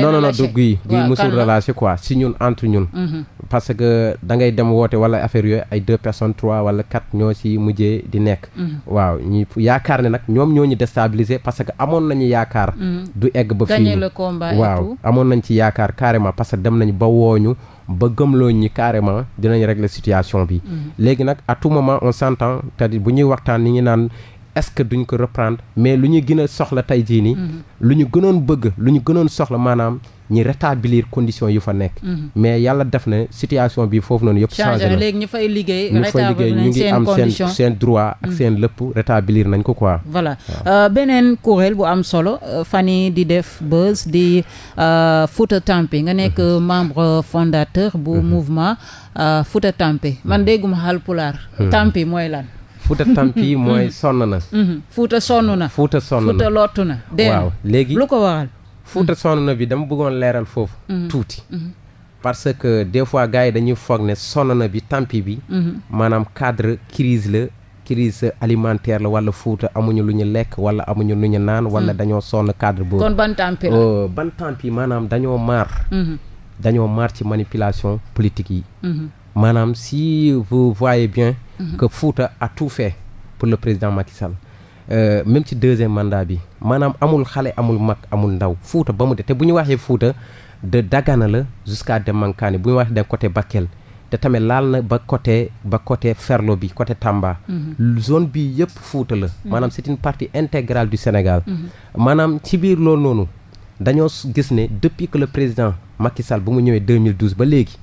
non non non du guy guy musul relâché quoi si ñun entre ñun mhm. parce que da ngay dem woote wala affaire yooyu ay deux personnes trois wala quatre ñoo si mujjee di nekk mhm. waaw ñu yaakaar ne nag ñoom ñoo ñu déstabiliser parce que amoon nañu yaakaar mhm. du egg ba fii waaw amoon nañ ci yaakaar carrément parce que dem nañu ba wooñu ba gëmloo ñi carrément dinañ régler situation bi mm-hmm. léegi nag à tout moment on s'entend cest bu ñuy waxtaan ni ngi naan est-ce que duñ ko reprendre mais lu ñuy gën a soxla tey jii nii. Mm-hmm. lu ñu gënoon bëgg lu ñu gënoon soxla maanaam ñi rétablir conditions yu fa nekk. Mm-hmm. mais yàlla def na situation bi foofu noonu yëpp. changé léegi ñu fay liggéey. rétablir nañ seen ñu ngi am seen seen droit ak mm-hmm. seen lépp rétablir nañ ko quoi. voilà euh, beneen kuréel bu am solo euh, fan di def buzz di euh, Fouta Tampi nga nekk membre fondateur bu mouvement Fouta Tampi man dégguma Haalpulaar. Tampi mooy lan. Fouta tampi mm-hmm. mooy mm-hmm. sonn na. Mm-hmm. Fouta sonn na. Fouta sonn na Fouta lottu na. waaw léegi lu ko waral. Fouta sonn na bi dama bëggoon leeral foofu. tuuti. parce que des fois gars yi dañuy foog ne sonn na bi tampi bi. maanaam cadre crise la. crise alimentaire la wala Fouta amuñu lu ñu lekk wala amuñu lu ñu naan wala dañoo sonn cadre boobu. kon ban tampi la oh, ban tampi maanaam dañoo maar. dañoo maar ci manipulation politique yi. maanaam si vous voyez bien. Mhm. que Fouta a tout fait pour le président Macky Sall. Euh, même ci deuxième mandat bi maanaam amul xale amul mag amul ndaw fuuta ba mu de te bu ñu waxee Fouta de Dagana la jusqu'à Demankane bu ñu waxee de côté Bakel te tamit laal na ba côté ba côté Ferlo bi côté Tamba. Mhm. zone bi yëpp Fouta la. Mhm. maanaam c'est une partie intégrale du Sénégal. maanaam ci biir loolu noonu dañoo gis ne depuis que le président Macky Sall bu mu ñëwee 2012 ba léegi.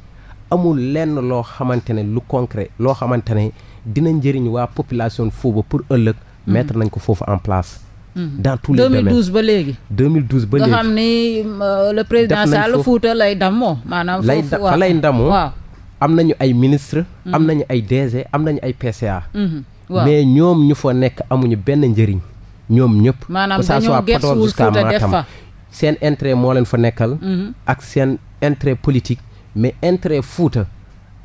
amul lenn loo xamante ne lu concret loo xamante ne dina njëriñ waa population Fouba pour ëllëg mhm. mettre nañ ko foofu en place mhm. dans tous les domaines ba léegi. 2012 ba léegi nga xam ni euh, le président Sall Fouta lay damoo. maanaam foofu waaw lay damoo am nañu ay ministre mhm. am nañu ay DG am nañu ay PCA. mais ñoom ñu fa nekk amuñu benn njëriñ. ñoom ñëpp. maanaam dañoo gëstuwul Fouta def fa seen intérêt moo leen fa nekkal. ak seen intérêt politique. mais intérêt Fuuta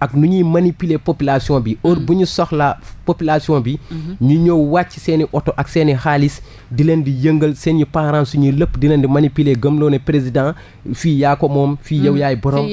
ak nu ñuy manipuler population bi heure mm. bu ñu soxla population bi mm-hmm. ñu ñëw wàcc seeni oto ak seeni xaalis di leen di yëngal seeni parents suñuy lépp di leen di manipuler loo ne président fii yaa ko moom fii yow mm. yaay borom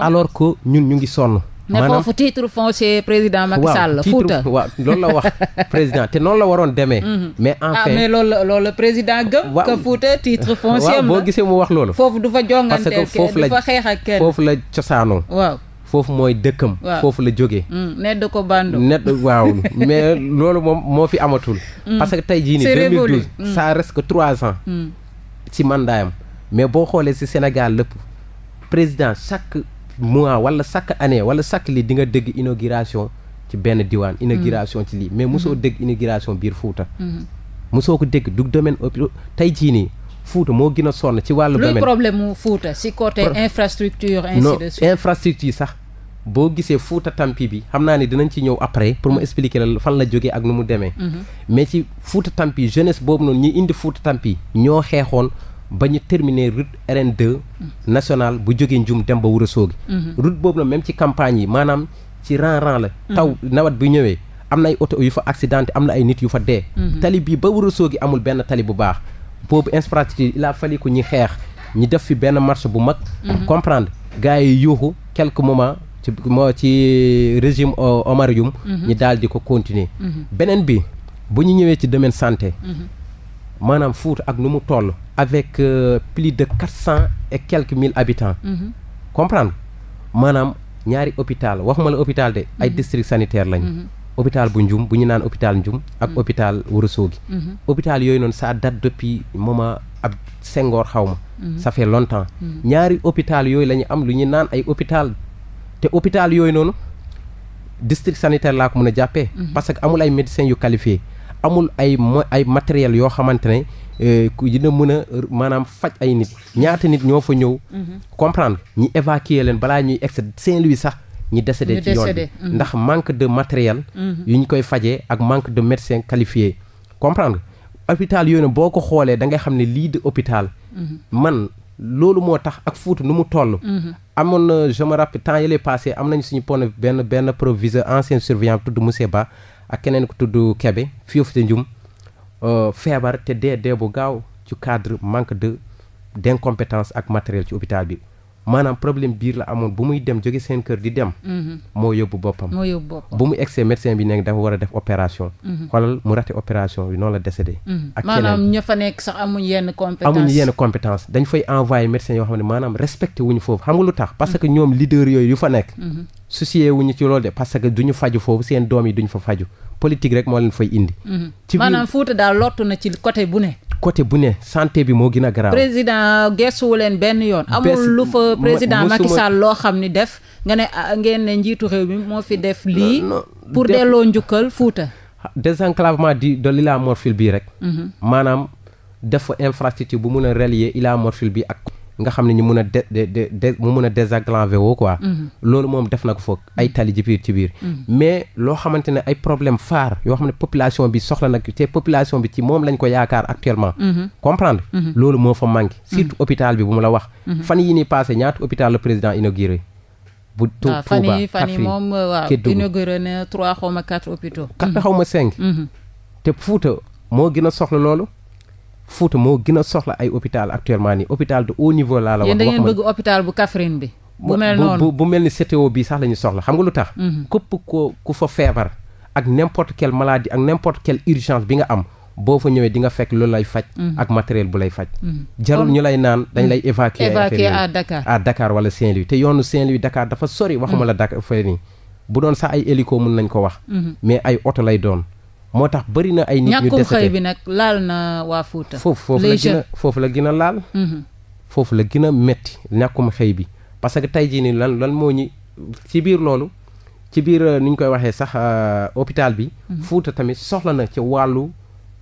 alors que ñun ñu ngi sonn ne foofu tiitre foncier président Macky Sall. Fouta waaw loolu la wax président te noonu la waroon demee. Mhm. mais en ah, fait ah loolu loolu la président gëm. waaw que Fouta titre foncier boo gisee mu wax loolu. foofu du fa jonganteel kenn du fa xeex foofu la cosaanoo waaw. foofu mooy dëkkam. foofu la jógee. Mm, net da ko bando net waaw mais loolu moom moo fi amatul. Mm. parce que tey jii nii 2012. Mm. ça reste que trois ans. ci mandaayam mais boo xoolee si Sénégal lépp président chaque. mois wala chaque année wala chaque lii di nga dégg inauguration ci benn diwaan mm-hmm. inauguration ci lii mais mosoo mm-hmm. dégg inauguration biir Fuuta mm-hmm. mosoo ko dégg du domaine hôpital tey jii nii Fuuta moo gën a sonn ci wàll domaine luy problème mu Fuuta si côté infrastructure sax boo gisee Fuuta Tampi bi xam naa ne dinañ ci ñëw après pour mu expliquer la fan la jógee ak nu mu demee mais ci Fuuta Tampi jeunesse boobu noonu ñi indi Fuuta Tampi ñoo xeexoon ba ñu terminer route RN2 nationale bu jógee Ndioum dem ba Ourossogui mhm. route boobu na même ci campagne yi maanaam ci rang rang la mhm. taw nawet bi ñëwee am na ay oto yu fa accidenté am na ay nit yu fa dee mhm. tali bi ba Ourossogui amul benn tali bu baax boobu infrastructure il a ñi xeex ñi def fi benn marche bu mag comprendre gars yi yuuxu quelques moments ci moo ci régime euh, Omar Youm ñi daal di ko continuer beneen bi bu ñu ñëwee ci domaine santé maanaam Fuuta ak nu mu tol avec euh, plus de quatre cent et quelques mille habitants. Mm-hmm. comprendre maanaam ñaari hôpital waxuma la hôpital de. ay mhm. district sanitaire lañu. Mhm. hôpital bu Ndioum bu ñu naan hôpital Ndioum. ak mhm. hôpital Ourossogui. hôpital yooyu noonu ça date depuis moment ab sengoor xaw ma. ça fait longtemps. ñaari hôpital yooyu la ñu am lu ñu naan ay hôpital te hôpital yooyu noonu district sanitaire laa ko mën a jàppee. parce que amul ay médecins yu qualifiés amul ay ay matériels yoo xamante ne. Euh, ku dina mën a maanaam faj ay nit ñaata nit ñoo fa ñëw. Mhm. comprendre ñi évacuer leen balaa ñuy ex Saint-Louis sax. ñi décédé ci yoon bi mhm. ndax manque de matériel. Mhm. yu ñu koy fajee ak manque de médecins qualifiés. comprendre hôpital yooyu boo ko xoolee da ngay xam ne lii de hôpital. man loolu moo tax ak Fouta nu mu toll. amoon na je me rappelle temps yële passé am nañu suñu pon benn benn proviseur ancien surveillant tudd Moussé Ba ak keneen ku tudd Kébé fii fu Euh, feebar te dee dee bu gaaw ci cadre manque de d' ak matériel ci hôpital bi maanaam problème biir la amoon bu muy dem jóge seen kër di dem. Mm-hmm. moo yóbbu boppam. moo yóbbu boppam bu mu egsee médecin bi nekk dafa war a def opération. Mm-hmm. xoolal mu raté opération bi noonu la décédé. Mm-hmm. ak keneen maanaam ña fa nekk sax amuñ yenn compétence amuñ yenn compétence dañ fay envoyé médecin yoo xam ne maanaam respecté wuñu foofu xam nga lu tax. parce que ñoom leader yooyu yu fa nekk. soucié wuñu ci loolu de parce que duñu faju foofu seen doom yi duñu fa faju politique rek moo leen fay indi. Mhm. maanaam Fouta daal lottu na ci côté bu ne. côté bu ne santé bi moo gën a garaaw. président gëstuwu leen benn yoon. amul lu fa président Macky loo xam ni def nga ne ah, ngeen ne njiitu réew mi moo fi def. lii pour delloo njukkal Fouta. désenclavement di de l'Ila Morphil bii rek. Mhm. maanaam def fa infrastructure bu mun a relier Ila Morphil bi ak. nga xam ne ñu mun a de de de mu mun a désenclavé woo quoi. Mm-hmm. loolu moom def na ko foog ay tali ci biir mm-hmm. mais loo xamante ne ay problème phare yoo xam ne population bi soxla nag te population bi ci moom lañ ko yaakaar actuellement. Mm-hmm. comprendre loolu moo fa manqué. surtout hôpital bi bu mu la wax. fan yi ni passé ñaata hôpital le président inauguré. bu ah, Touba Kaffrine Fane moom waaw te Fouta moo gën a soxla loolu. Fouta moo gën a soxla ay hôpital actuellement nii hôpital de haut niveau laa la wax. yéen da bu mel ni CTO bii sax la ñu soxla xam nga lu tax. Mhm. képp ko ku feebar. ak n'importe quelle maladie ak n'importe quelle urgence bi nga am. boo fa ñëwee di nga fekk loolu lay faj. Mhm. ak matériel bu lay faj. Mhm. jarul ñu lay naan dañ lay évacuer. évacuer à wala saint te yoonu Saint-Louis Dakar dafa sori. waxuma la Dakar fee nii bu doon sax ay hélico mën nañ ko wax. mais ay oto lay doon. moo tax bëri na ay nit ñu ñàkkum bi nag laal na waa Fuuta foofu foofu la gën a foofu la gën a laal mhm. foofu la gën a metti ñàkkum xëy bi parce que tey jii ni lan lan moo ñu ci biir loolu ci biir euh, ni ñu koy waxee sax euh, hôpital bi mhm. Fuuta tamit soxla na ci wàllu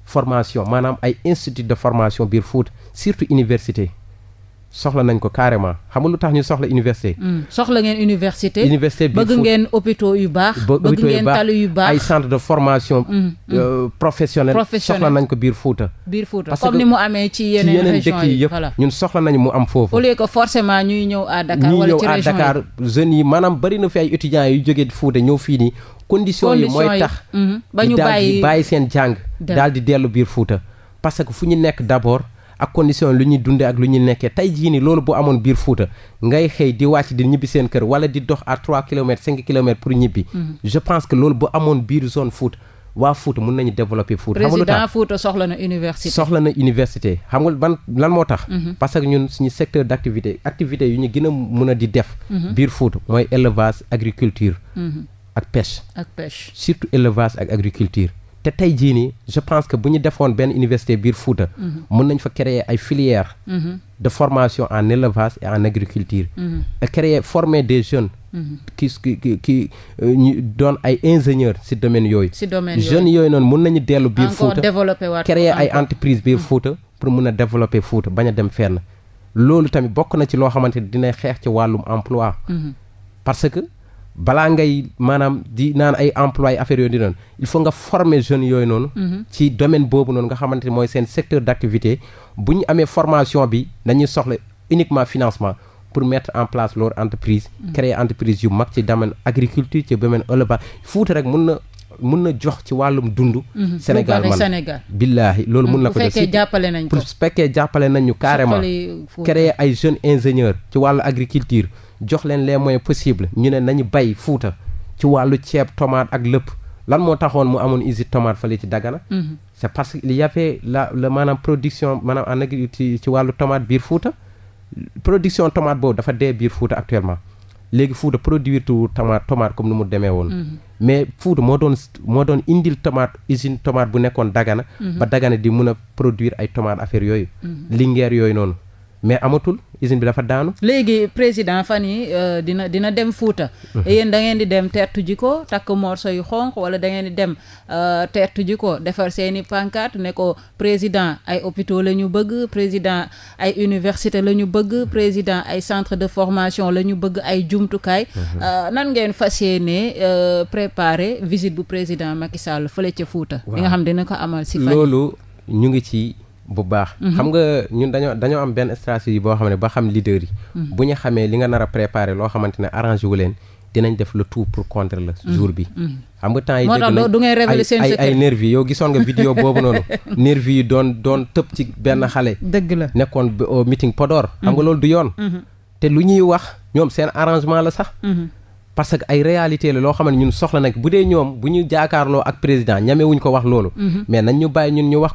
formation maanaam ay institut de formation biir Fuuta surtout université soxla nañ ko carrément xam nga lu tax ñu soxla université. Hmm. soxla ngeen université. université bi bëgg ngeen hôpitaux yu tali yu baax ay centre de formation. Hmm, hmm. euh, professionnel soxla nañ ko biir Fouta. biir Fouta comme ni mu amee ci yeneen nañ mu am foofu. au lieu que forcément ñuy ñëw à yi maanaam bari na fi ay étudiants yu jógee fii nii. conditions yi mooy ba ñu bàyyi seen jàng. daal di dellu biir Fouta parce que fu ñu nekk d'abord ak condition lu ñuy dundee ak lu ñuy nekkee tey jii ni loolu bu amoon biir Fuuta ngay xëy di wàcc di ñibbi seen kër wala di dox à 3 kilomètres 5 kilomètres pour ñibbi. Mm-hmm. je pense loolu bu amoon biir zone Fuuta waa Fuuta mun nañu développer Fuuta. soxla na université. soxla na université xam ban lan moo tax. Mm-hmm. parce que ñun suñu secteur d' activité activité yu ñu gën a mun a di def. Mm-hmm. biir Fuuta mooy élevage agriculture. ak pêche. ak pêche surtout élevage te tey jii nii je pense que bu ñu defoon benn université biir Fouta. Mm-hmm. mën nañ fa créer ay filières. Mm-hmm. de formation en élevage en agriculture. Mm-hmm. et créer former des jeunes. ki ki ki ñu doon ay ingénieurs si domaine yooyu. si domaine yooyu yooyu noonu mën nañu dellu biir. Fouta créer ay entreprise biir Fouta pour mun a développer Fouta bañ a dem fenn. loolu tamit bokk na ci loo xamante ni dina xeex ci wàllum emploi. parce que balaa ngay maanaam di naan ay emploi affaire yooyu di noonu il faut nga former jeunes yooyu noonu. Mm-hmm. ci domaine boobu noonu nga xamante ne mooy seen secteur d' bu ñu amee formation bi dañuy soxla uniquement financement. pour mettre en place leur entreprise mm-hmm. créer entreprise yu mag ci domaine agriculture ci domaine élevage Fuuta rek mun na mun na jox ci wàllum dund mm-hmm. Sénégal man billaahi loolu mun na ko def pour fekkee jàppale nañ ñu carrément créer ay jeunes ingénieurs ci wàllu agriculture jox leen les moyens possibles ñu ne nañu bay fuuta ci wàllu ceeb tomate ak lépp lan moo taxoon mu amoon usine fa fële ci Dagana mhm. c'est parce que il y avait la la maanaam production maanaam en agriculture ci wàllu tomate biir fuuta production tomate boobu dafa dee biir fuuta actuellement léegi fuuta produire tu tomate comme ni mu demee woon mhm. mais fuuta moo doon moo doon indil tomate usine tomate bu nekkoon Dagana mhm. ba Dagana di mun a produire ay tomate affaire yooyu lingeer yooyu noonu mais amatul usine bi dafa daanu. léegi président fa yi euh, dina dina dem Fuuta. Mm -hmm. yéen da ngeen di dem tertu ji ko takk morso yu xonq wala da ngeen di dem euh, tertu ji ko defar seeni pancarte ne ko président ay hôpitaux la ñu bëgg président ay université lañu bëgg président ay centre de formation la ñu bëgg ay jumtukaay. Mm nan ngeen fas yéenee euh, préparer visite bu président Macky Sall fële ca Fuuta. Wow. nga xam dina ko amal si fan. loolu ñu ngi ci. bu baax. xam nga ñun dañoo dañoo am benn stratégie boo xam ba xam leader yi. Mm-hmm. bu ñu xamee li nga nar a préparer loo xamante ne arrangé wu leen. dinañ def le tout pour contrer la mm-hmm. jour bi mm-hmm. xam nga temps yi dégg nañ ay nervi yow gisoon nga vidéo boobu noonu nervi yi doon doon tëb ci benn xale dëgg la nekkoon au meeting Podor xam nga loolu du yoon te lu ñuy wax ñoom seen arrangement la sax parce que ay réalité la loo xam ne ñun soxla nag bu dee ñoom bu ñu jaakaarloo ak président ñamewuñ ko wax loolu mais nañ ñu bàyyi ñun ñu wax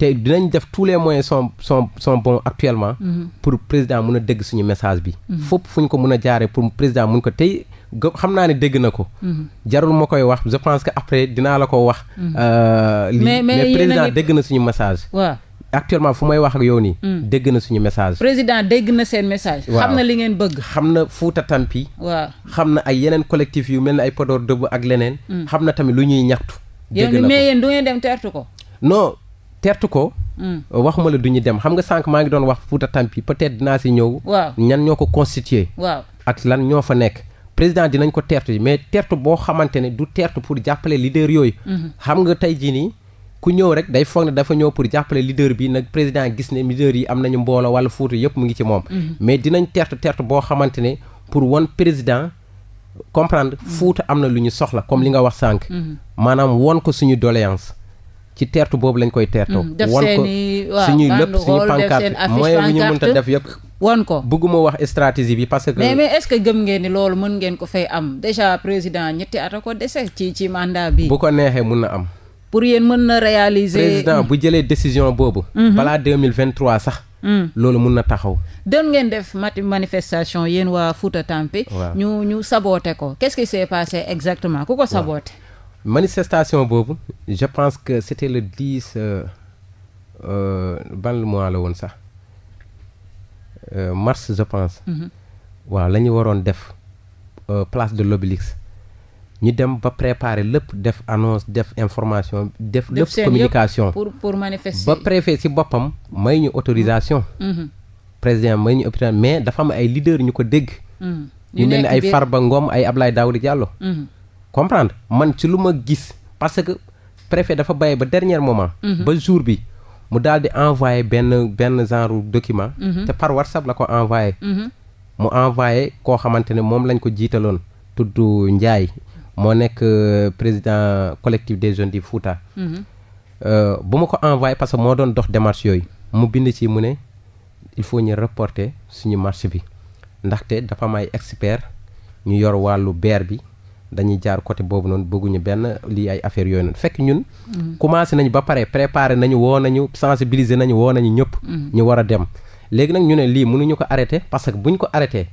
te dinañ def tous les moyens sont sont sont bons actuellement. Mhm. pour président mun a dégg suñu message bi. Mhm. fopp fu ñu ko mun a jaaree pour président mun ko tey xam naa ne dégg na ko. Mhm. jarul ma koy wax je pense que après dinaa la ko wax. Euh, mais mais président dégg na suñu message. waaw actuellement fu may na suñu message. président dégg na seen message. xam na li ngeen bëgg. xam na Fouta Tampi. xam na ay yeneen collectif yu mel ne ay Podor Debout ak leneen. xam na tamit lu ñuy ñaxtu. dégg na mais yéen du ngeen dem teertu ko. tertu ko. Mm. waxuma la du ñu dem xam nga sànq maa ngi doon wax Fouta Tampi peut-être dinaa si ñëw. waaw ñan ñoo ko constitué. waaw ak lan ñoo fa nekk. président dinañ ko tert yi mais teertu boo xamante ne du teertu pour jàppale leader yooyu. Mm-hmm. xam nga tey jii nii ku ñëw rek day foog ne dafa ñëw pour jàppale leader bi nag président gis ne leader yi am nañu mbooloo wala Fouta yëpp mu ngi ci moom. Mm-hmm. mais dinañ teertu teertu boo xamante ne pour won président. comprendre mm-hmm. Fouta am na lu ñu soxla comme li nga wax sànq. maanaam won ko suñu doléance ci teertu boobu lañ koy teertoo. Mm, wan ko suñuy lépp suñuy pancarte moyen def yëpp. wan parce que. mais mais est-ce que gëm ngeen ko fay am déjà président ñetti at a ko na am. pour mën na réaliser. président bu jëlee décision boobu. Mhm. balaa deux mille vingt trois sax. Mm. loolu mun na taxaw. doon ngeen def mati manifestation yéen waa Fouta Tampi. ñu ñu sabote ko qu'est-ce qui s'est exactement ku ko sabote. manifestation boobu je pense que c'était le 10 euh, euh, ban mois la woon sax euh, mars je pense. waaw mhm. la ñu waroon def place de l'Obélisque ñu dem ba préparer lépp def annonce def information def. lépp communication pour pour ba préfet ci boppam may ñu autorisation. Mhm. président may ñu autorisation mais dafa am ay leaders ñu ko dégg. Mhm. ñu mel ni ay Farba Ngom ay Ablaye Daouda Diallo. comprendre man ci lu ma gis parce que préfet dafa bàyyi ba dernier moment. Mhm. ba jour bi mu daal di envoyé benn benn genre document. Mhm. te par WhatsApp la ko envoyé. Mhm. mu envoyé koo xamante ne moom lañ ko jiitaloon tudd Ndiaye moo nekk euh, président collective des jeunes du Fouta. Euh, bu ma ko envoyé parce que moo doon dox démarche yooyu mu bind ci mu ne il faut ñu reporter suñu marché bi ndaxte dafa may expert ñu yor wàllu beer bi. dañuy jaar côté boobu noonu bëgguñu benn lii ay affaire yooyu noonu fekk ñun commencé nañu ba pare préparé nañu woo nañu sensibiliser nañu woo nañu ñëpp mm-hmm. ñu war a dem léegi nag ñu ne lii mënuñu ko arrêté parce que bu ñu ko arrêté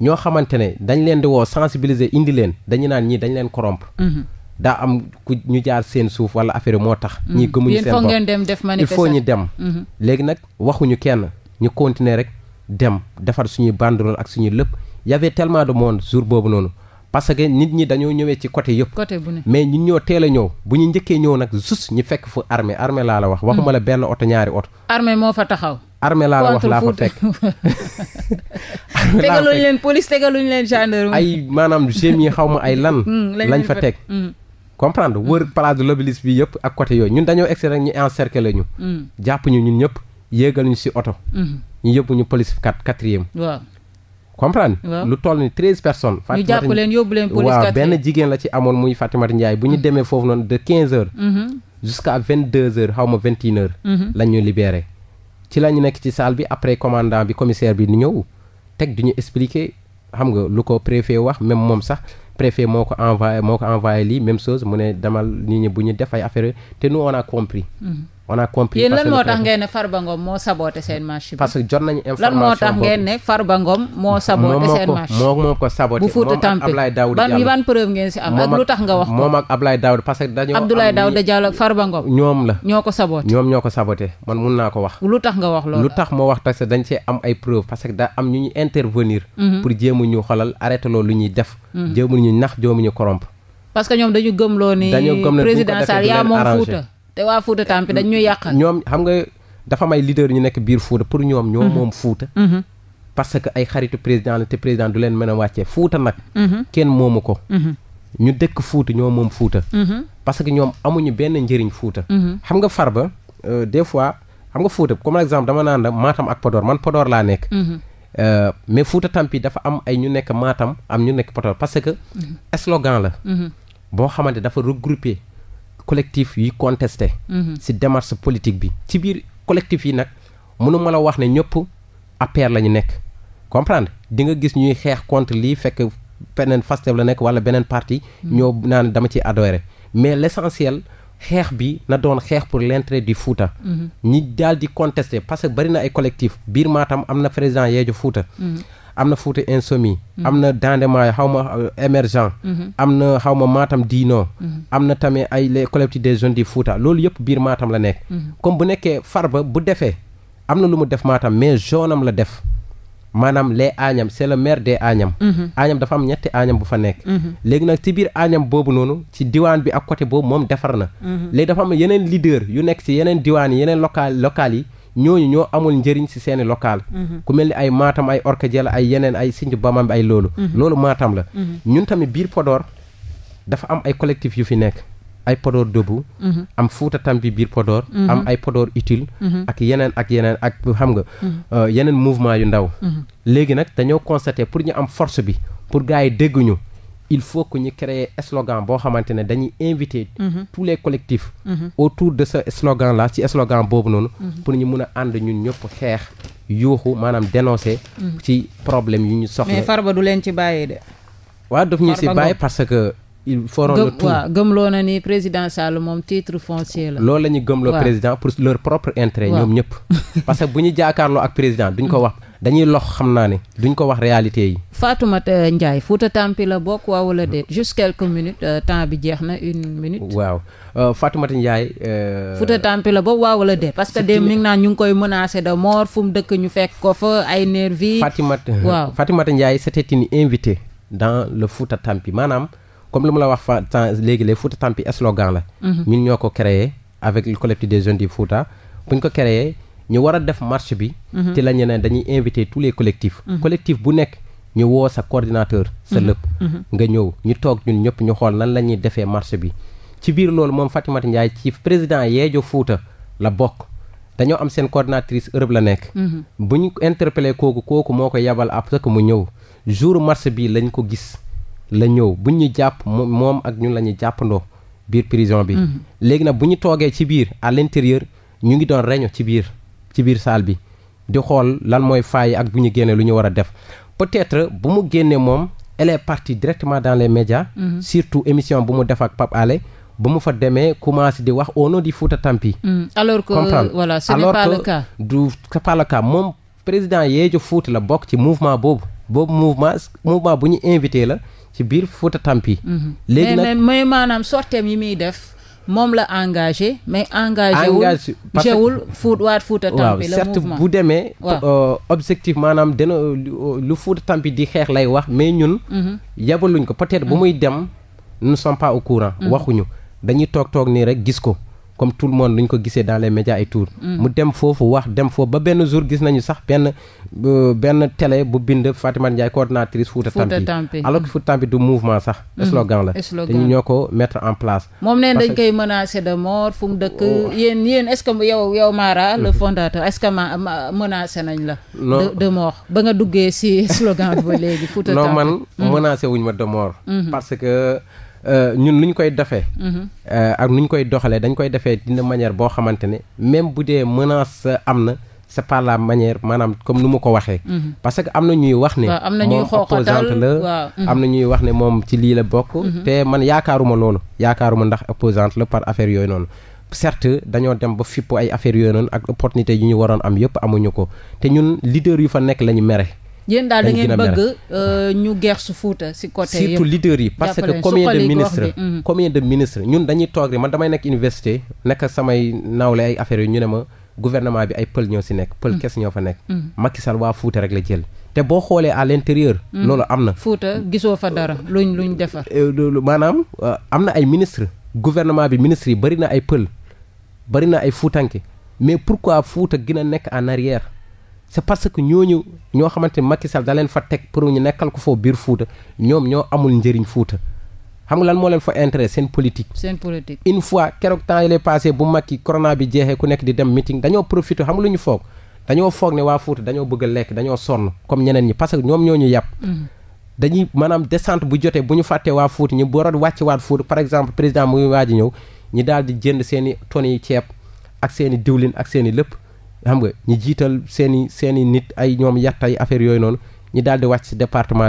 ñoo xamante ne dañu leen di woo sensibiliser indi leen dañu naan ñii dañu leen corrompre mm-hmm. daa am ku ñu jaar seen suuf wala affaire moo tax mm-hmm. ñii gëmuñu seen bopp ngeen dem def manifestation il faut ñu dem léegi nag waxuñu kenn ñu continuer rek dem defar suñuy banderole ak suñuy lépp y de monde jour boobu noonu parce que nit ñi dañoo ñëwee ci côté yëpp. côté bu mais ñun ñoo teel a ñëw bu ñu njëkkee ñëw nag juste ñu fekk fu armée armée laa la wax. waxuma hmm. la benn oto ñaari oto. armée moo fa taxaw. armée laa la wax laa fa fekk. tegaluñ leen police tegaluñ leen gendarme. ay maanaam gémi xaw ma ay lan. Hmm, lañ fa teg hmm. comprendre wër place de bi yëpp ak côté yooyu ñun dañoo egsi rek ñu encercler ñu. jàpp ñu ñun ñëpp yéegal ñu si oto. ñu yóbbu ñu police kat quatrième. comprendre lu toll ni treize personnes ñu jàpp leen yóbbu leen police waaw benn jigéen la ci amoon muy Fatimata Ndiaye bu ñu mm-hmm. demee foofu noonu de quinze heures mm-hmm. jusqu'à vingt deux heures xaw ma vingt une heures mm-hmm. lañ ñu ci la ñu nekk ci salle bi après commandant bi commissaire bi ni ñëw teg du ñu expliquer xam nga lu ko préfet wax même moom sax préfet moo ko envoyé moo ko envoyé lii même chose mu ne demal nit ñi bu ñu def ay affaire te nous on a compris on a compris. yéen lan moo tax ngeen ne Farba Ngom moo saboté seen marche bi. parce que jot nañu information Farba Ngom moo saboté seen marche ko saboté bu Fouta Tampi ban ban preuve ngeen si am. ak lu tax nga wax ko moom ak Abdoulaye Daouda ñoom la ñoo ko saboté ñoom ñoo ko saboté man mun naa ko wax. lu tax nga wax loolu. lu tax moo wax parce que dañ see am ay preuve parce que da am ñu ñu intervenir. Mhm. pour jéem ñu xoolal arrêté lu ñuy def. Mhm. jéem ñu nax jéem ñu corrompre. parce que ñoom dañu gëm te waa Fouta Tampi dañ ñuy yàqal. ñoom xam nga dafa may leader ñu nekk biir Fouta pour ñoom ñoo mhm. moom Fouta. Mhm. parce que ay xaritu président la te président du a wàccee Fouta nag. Mhm. kenn moomu ko. ñu dëkk Fouta ñoo moom Fouta. parce que ñoom amuñu benn njëriñ Fouta. xam nga Farba euh, des fois xam nga Fouta comme exemple dama naan la Matam ak Podor man laa nekk. Euh, mais Fouta Tampi dafa am ay ñu nekk Matam am ñu nekk Podor parce que. slogan la. boo xamante dafa regroupé. collectif yuy contesté si mhm. démarche politique bi ci biir collectif yi nag mënu ma la wax ne ñëpp APR la ñu nekk comprendre di nga gis ñuy xeex contre li fekk beneen Pastef la nekk wala beneen parti mhm. ñoo naan dama ci adoré mais l'essentiel xeex bi na doon xeex pour l'intérêt di fuuta mhm. ñi daal di contesté parce que bari na ay collectif biir Matam am na président Yeeju Fouta am na Fouta Insoumis mhm. am na Dandemayo xaw ma émergent euh, mhm. am na xaw ma Matam diinoo mhm. am na tamit ay les collectifs des jeunes du Fouta loolu yëpp biir Matam la nekk comme bu nekkee far ba bu defee am na lu mu def maatam mais am la def maanaam les aañam c'est le maire des aañam Agnam dafa am ñetti Agnam bu fa nekk léegi nag ci biir aañam boobu noonu ci diwaan bi ak côté boobu moom defar na léegi dafa am yeneen leader yu nekk ci yeneen diwaan yi yeneen local local yi ñooñu ñoo amul njëriñ si seeni local mhm. ku mel ni ay Matam ay Orkadiéré ay yeneen ay Sinthiou Bamambé ay loolu mhm. loolu Matam la mhm. ñun tamit biir Podor dafa am ay collectif yu fi nekk ay Podor debout am Fouta Tampi biir Podor am ay Podor utile ak yeneen ak yeneen ak xam nga euh, yeneen mouvement yu ndaw léegi nag dañoo constaté pour ñu am force bi pour gars yi dégguñu il faut que ñu créer slogan boo xamante ne dañuy inviter. Mhm. tous les collectifs. Mhm. autour de ce slogan là ci slogan boobu noonu. Mhm. pour ñu mun a ànd ñun ñëpp xeex yuuxu maanaam dénoncer. ci problème yu ñu soxla mais Farba du leen ci bàyyi de. waaw daf ñu si bàyyi parce que. il feront le tout na ni président Sall moom titre foncier la. lool la ñuy gëmloo président pour leur propre intérêt. ñoom ñëpp parce que bu ñu jaakaarloo ak président ñu ko wax. dañuy lox xam naa ne duñ ko wax réalité yi. Fatoumata Ndiaye Fouta Tampi la bokk waaw wala déet juste quelques minutes euh, temps bi jeex na une minute. waaw euh, Fatoumata Ndiaye. Euh, Fouta Tampi la bokk waaw wala déet. parce que dem mi ngi ñu ngi koy menacé de mort fu dëkk ñu fekk ko fa ay nervi. waaw Fatoumata Fatoumata Ndiaye c'était une invitée dans le Fouta Tampi maanaam. comme lu ma la wax fa temps léegi les Fouta Tampi slogan la. Mhm. ñun ñoo ko créé avec le de des jeunes du Fouta ko créé ñu war a def marche bi. te mhm. la ñu ne dañuy invité tous les collectifs. Mhm. collectif bu nekk ñu woo sa coordinateur. sa lépp nga ñëw ñu toog ñun ñëpp ñu xool nan la ñuy defee marche bi. ci biir loolu moom Fatimata Ndiaye ci président yeejo Fouta la bokk dañoo am seen coordinatrice Europe la nekk. bu ñu interpellé kooku kooku moo ko yabal après que mu ñëw jour marche bi lañ ko gis. la ñëw buñ ñu jàpp moom ak ñun la ñuy jàppandoo biir prison bi. Mm-hmm. léegi nag bu ñu toogee ci biir à l'intérieur ñu ngi doon reño ci biir ci biir salle bi di xool lan mooy faay ak bu ñu génnee lu ñu war a def peut bu mu génnee moom elle est partie directement dans les médias. Mm -hmm. surtout émission bu mu def ak Pape Alé. ba mu fa demee commencé di wax au nom du Fouta Tampi. Mm, alors que du c'est pas le cas moom président Yeejo Fouta la bokk ci mouvement boobu boobu mouvement mouvement bu ñu la ci biir Fouta Tampi. Mhm. léegi nag mais maanaam sorteem yi muy def moom la engagé. mais engagé wul engagé parce que fuut waat Fouta Tampi. la certes bu demee. Euh, objectif maanaam dana lu Fouta Tampi di xeex lay wax mais ñun. Mhm. yabaluñ ko peut-être bu mhm. muy dem nous ne sommes pas courant. waxuñu dañuy toog toog nii rek gis ko. comme tout le monde nu ñu ko gisee dans les médias et tout. Mm. mu dem foofu wax dem foofu ba benn jour gis nañu sax benn benn télé bu bind Fatima Ndiaye coordinatrice Fouta Tampi alors que Fouta Tampi du mouvement sax. Mm. slogan la te ñoo ko mettre en place. moom nee dañ koy menacé de mort fu mu dëkk. Oh. yéen yéen est ce que yow yow Mara le mm-hmm. fondateur est ce que ma nañ la. de mort ba nga duggee si slogan ba léegi. Fouta Tampi non man mm. menacé wuñ ma de mort. Mm-hmm. parce que. Euh, ñun lu ñu koy defee. Mhm. Euh, ak nu ñu koy doxalee dañ koy defee dina manière boo xamante ne même bu dee sa am na. sa pas la manière maanaam comme ni ma ko waxee. Mhm. parce que am na ñuy wax ni am na ñuy xooxatal moom la am mhm. na ñuy wax ne moom ci lii la bokk. te man yaakaaruma loolu. yaakaaruma ndax opposante la par affaire yooyu noonu. certes dañoo dem ba fippu ay affaires yooyu noonu ak opportunité yu ñu waroon am yëpp amuñu ko te ñun leader yu fa nekk la ñu mere. yéen daal da ngeen bëgg euh, ñu geex su Fuuta si côté surtout yi parce que mm. combien de ministre combien de ministre ñun dañuy toog rek man damay nekk université nekk samay nawle ay affaires yi ñu ne ma gouvernement bi ay pël ñoo si nekk pël mm. kes ñoo fa nekk mm. Macky Sall waa Fuuta rek la jël te boo xoolee à l'intérieur loolu am na Fuuta gisoo fa dara luñ luñ defar euh, euh, maanaam am na ay ministre gouvernement bi ministre yi bëri na ay pël bari na ay fuutanke mais pourquoi Fuuta gën a nekk en arrière c'est parce que ñooñu ñoo xamante ni Macky Sall leen fa teg pour ñu nekkal ko foofu biir Fuuta ñoom ñoo amul njëriñ Fuuta xam nga lan moo leen fa intérêt seen politique. seen politique une fois keroog temps yi lay passé bu Macky corona bi jeexee ku nekk di dem meeting dañoo profité xam ñu foog dañoo foog ne waa Fuuta dañoo bëgg lekk dañoo sonn comme ñeneen ñi parce que ñoom ñoo ñu yàpp. Mm-hmm. dañuy maanaam descente bu jotee bu ñu fàttee waa Fuuta ñu booroon wàcce waat Fuuta par exemple président mu ngi waaj ñu daal di jënd seen i tonnes yi ceeb ak diwlin ak seen i xam nga ñi jiital seen i seen i nit ay ñoom yattay affaire yooyu noonu ñi daal di wàcc si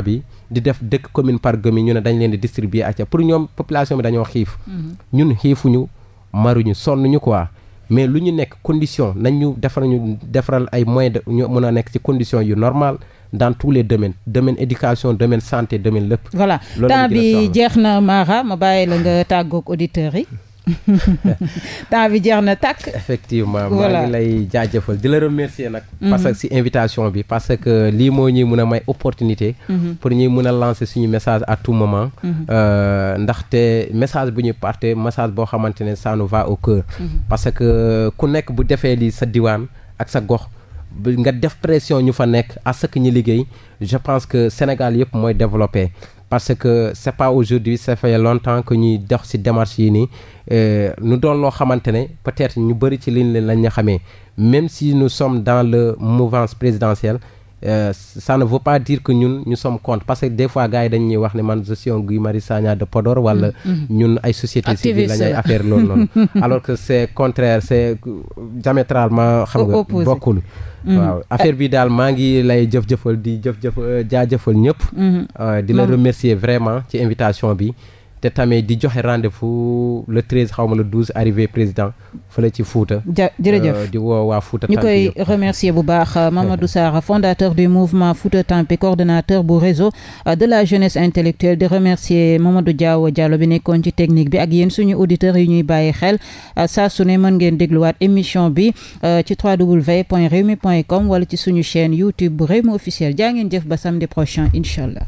bi di def dëkk commune par commune ñu ne dañ leen di distribuer acca pour ñoom population bi dañoo xiif mm-hmm. ñun xiifuñu maruñu sonnuñu quoi mais lu ñu nekk condition nañ ñu defar ñu defaral ay moyens de ñu mën a nekk ci condition yu normal dans tous les domaines domaine éducation domaine santé domaine lépp voilà temps bi jeex na Mara ma bàyyi la nga tàggoog auditeurs yi temps bi jeex na tàkk. effectivement voilà maa lay jaajëfal di la remercier nag. Mhm. parce que si invitation bi parce que lii moo ñuy mun a may opportunité. Mhm. pour ñuy mun a lancer suñu message à tout moment. Mhm. Euh, ndaxte message bu ñu parte message boo xamante ne ça nous va au cœur. parce que ku nekk bu defee lii sa diwaan ak sa gox. bu nga def pression ñu fa nekk à ce que ñu liggéey je pense que Sénégal yëpp mooy développé parce que c'est pas aujourd'hui ça fait longtemps que ñuy dox ci démarche yi nii Euh, nu doon loo xamante ne peut-être ñu bëri ci liñ leen lañ ñu xamee même si nous sommes dans le mouvance présidentielle Euh, ça ne veut pas dire que ñun ñu sommes contre parce que des fois gars yi dañuy wax ne man je suis un Guy Marius Sagna de Podor wala mm, mm. ñun ay société civile lañu ay affaire loolu noonu alors que c'est contraire c'est diamétralement nga bokkul mm. waaw affaire bi daal maa ngi lay jëf-jëfal di jëf-jëf euh, jaajëfal ñëpp mm-hmm. euh, di la remercier vraiment ci invitation bi te tamit di joxe rendez fu le 13 xaw ma le 12 arrivé président la ci Fouta. ja jërëjëf euh, di woo waa Fouta. ñu koy remercier bu baax euh, Mamadou Sarr fondateur du mouvement Fouta Tampi coordonnateur bu réseau euh, de la jeunesse intellectuelle di remercier Mamadou Diaw Diallo bi nekkoon ci technique bi ak yéen suñu auditeurs yi ñuy bàyyi xel saa su ne mën ngeen dégluwaat émission bi ci www.rewmi.com wala ci suñu chaîne YouTube bu Rewmi officiel jaa ngeen jëf ba samedi prochain incha allah.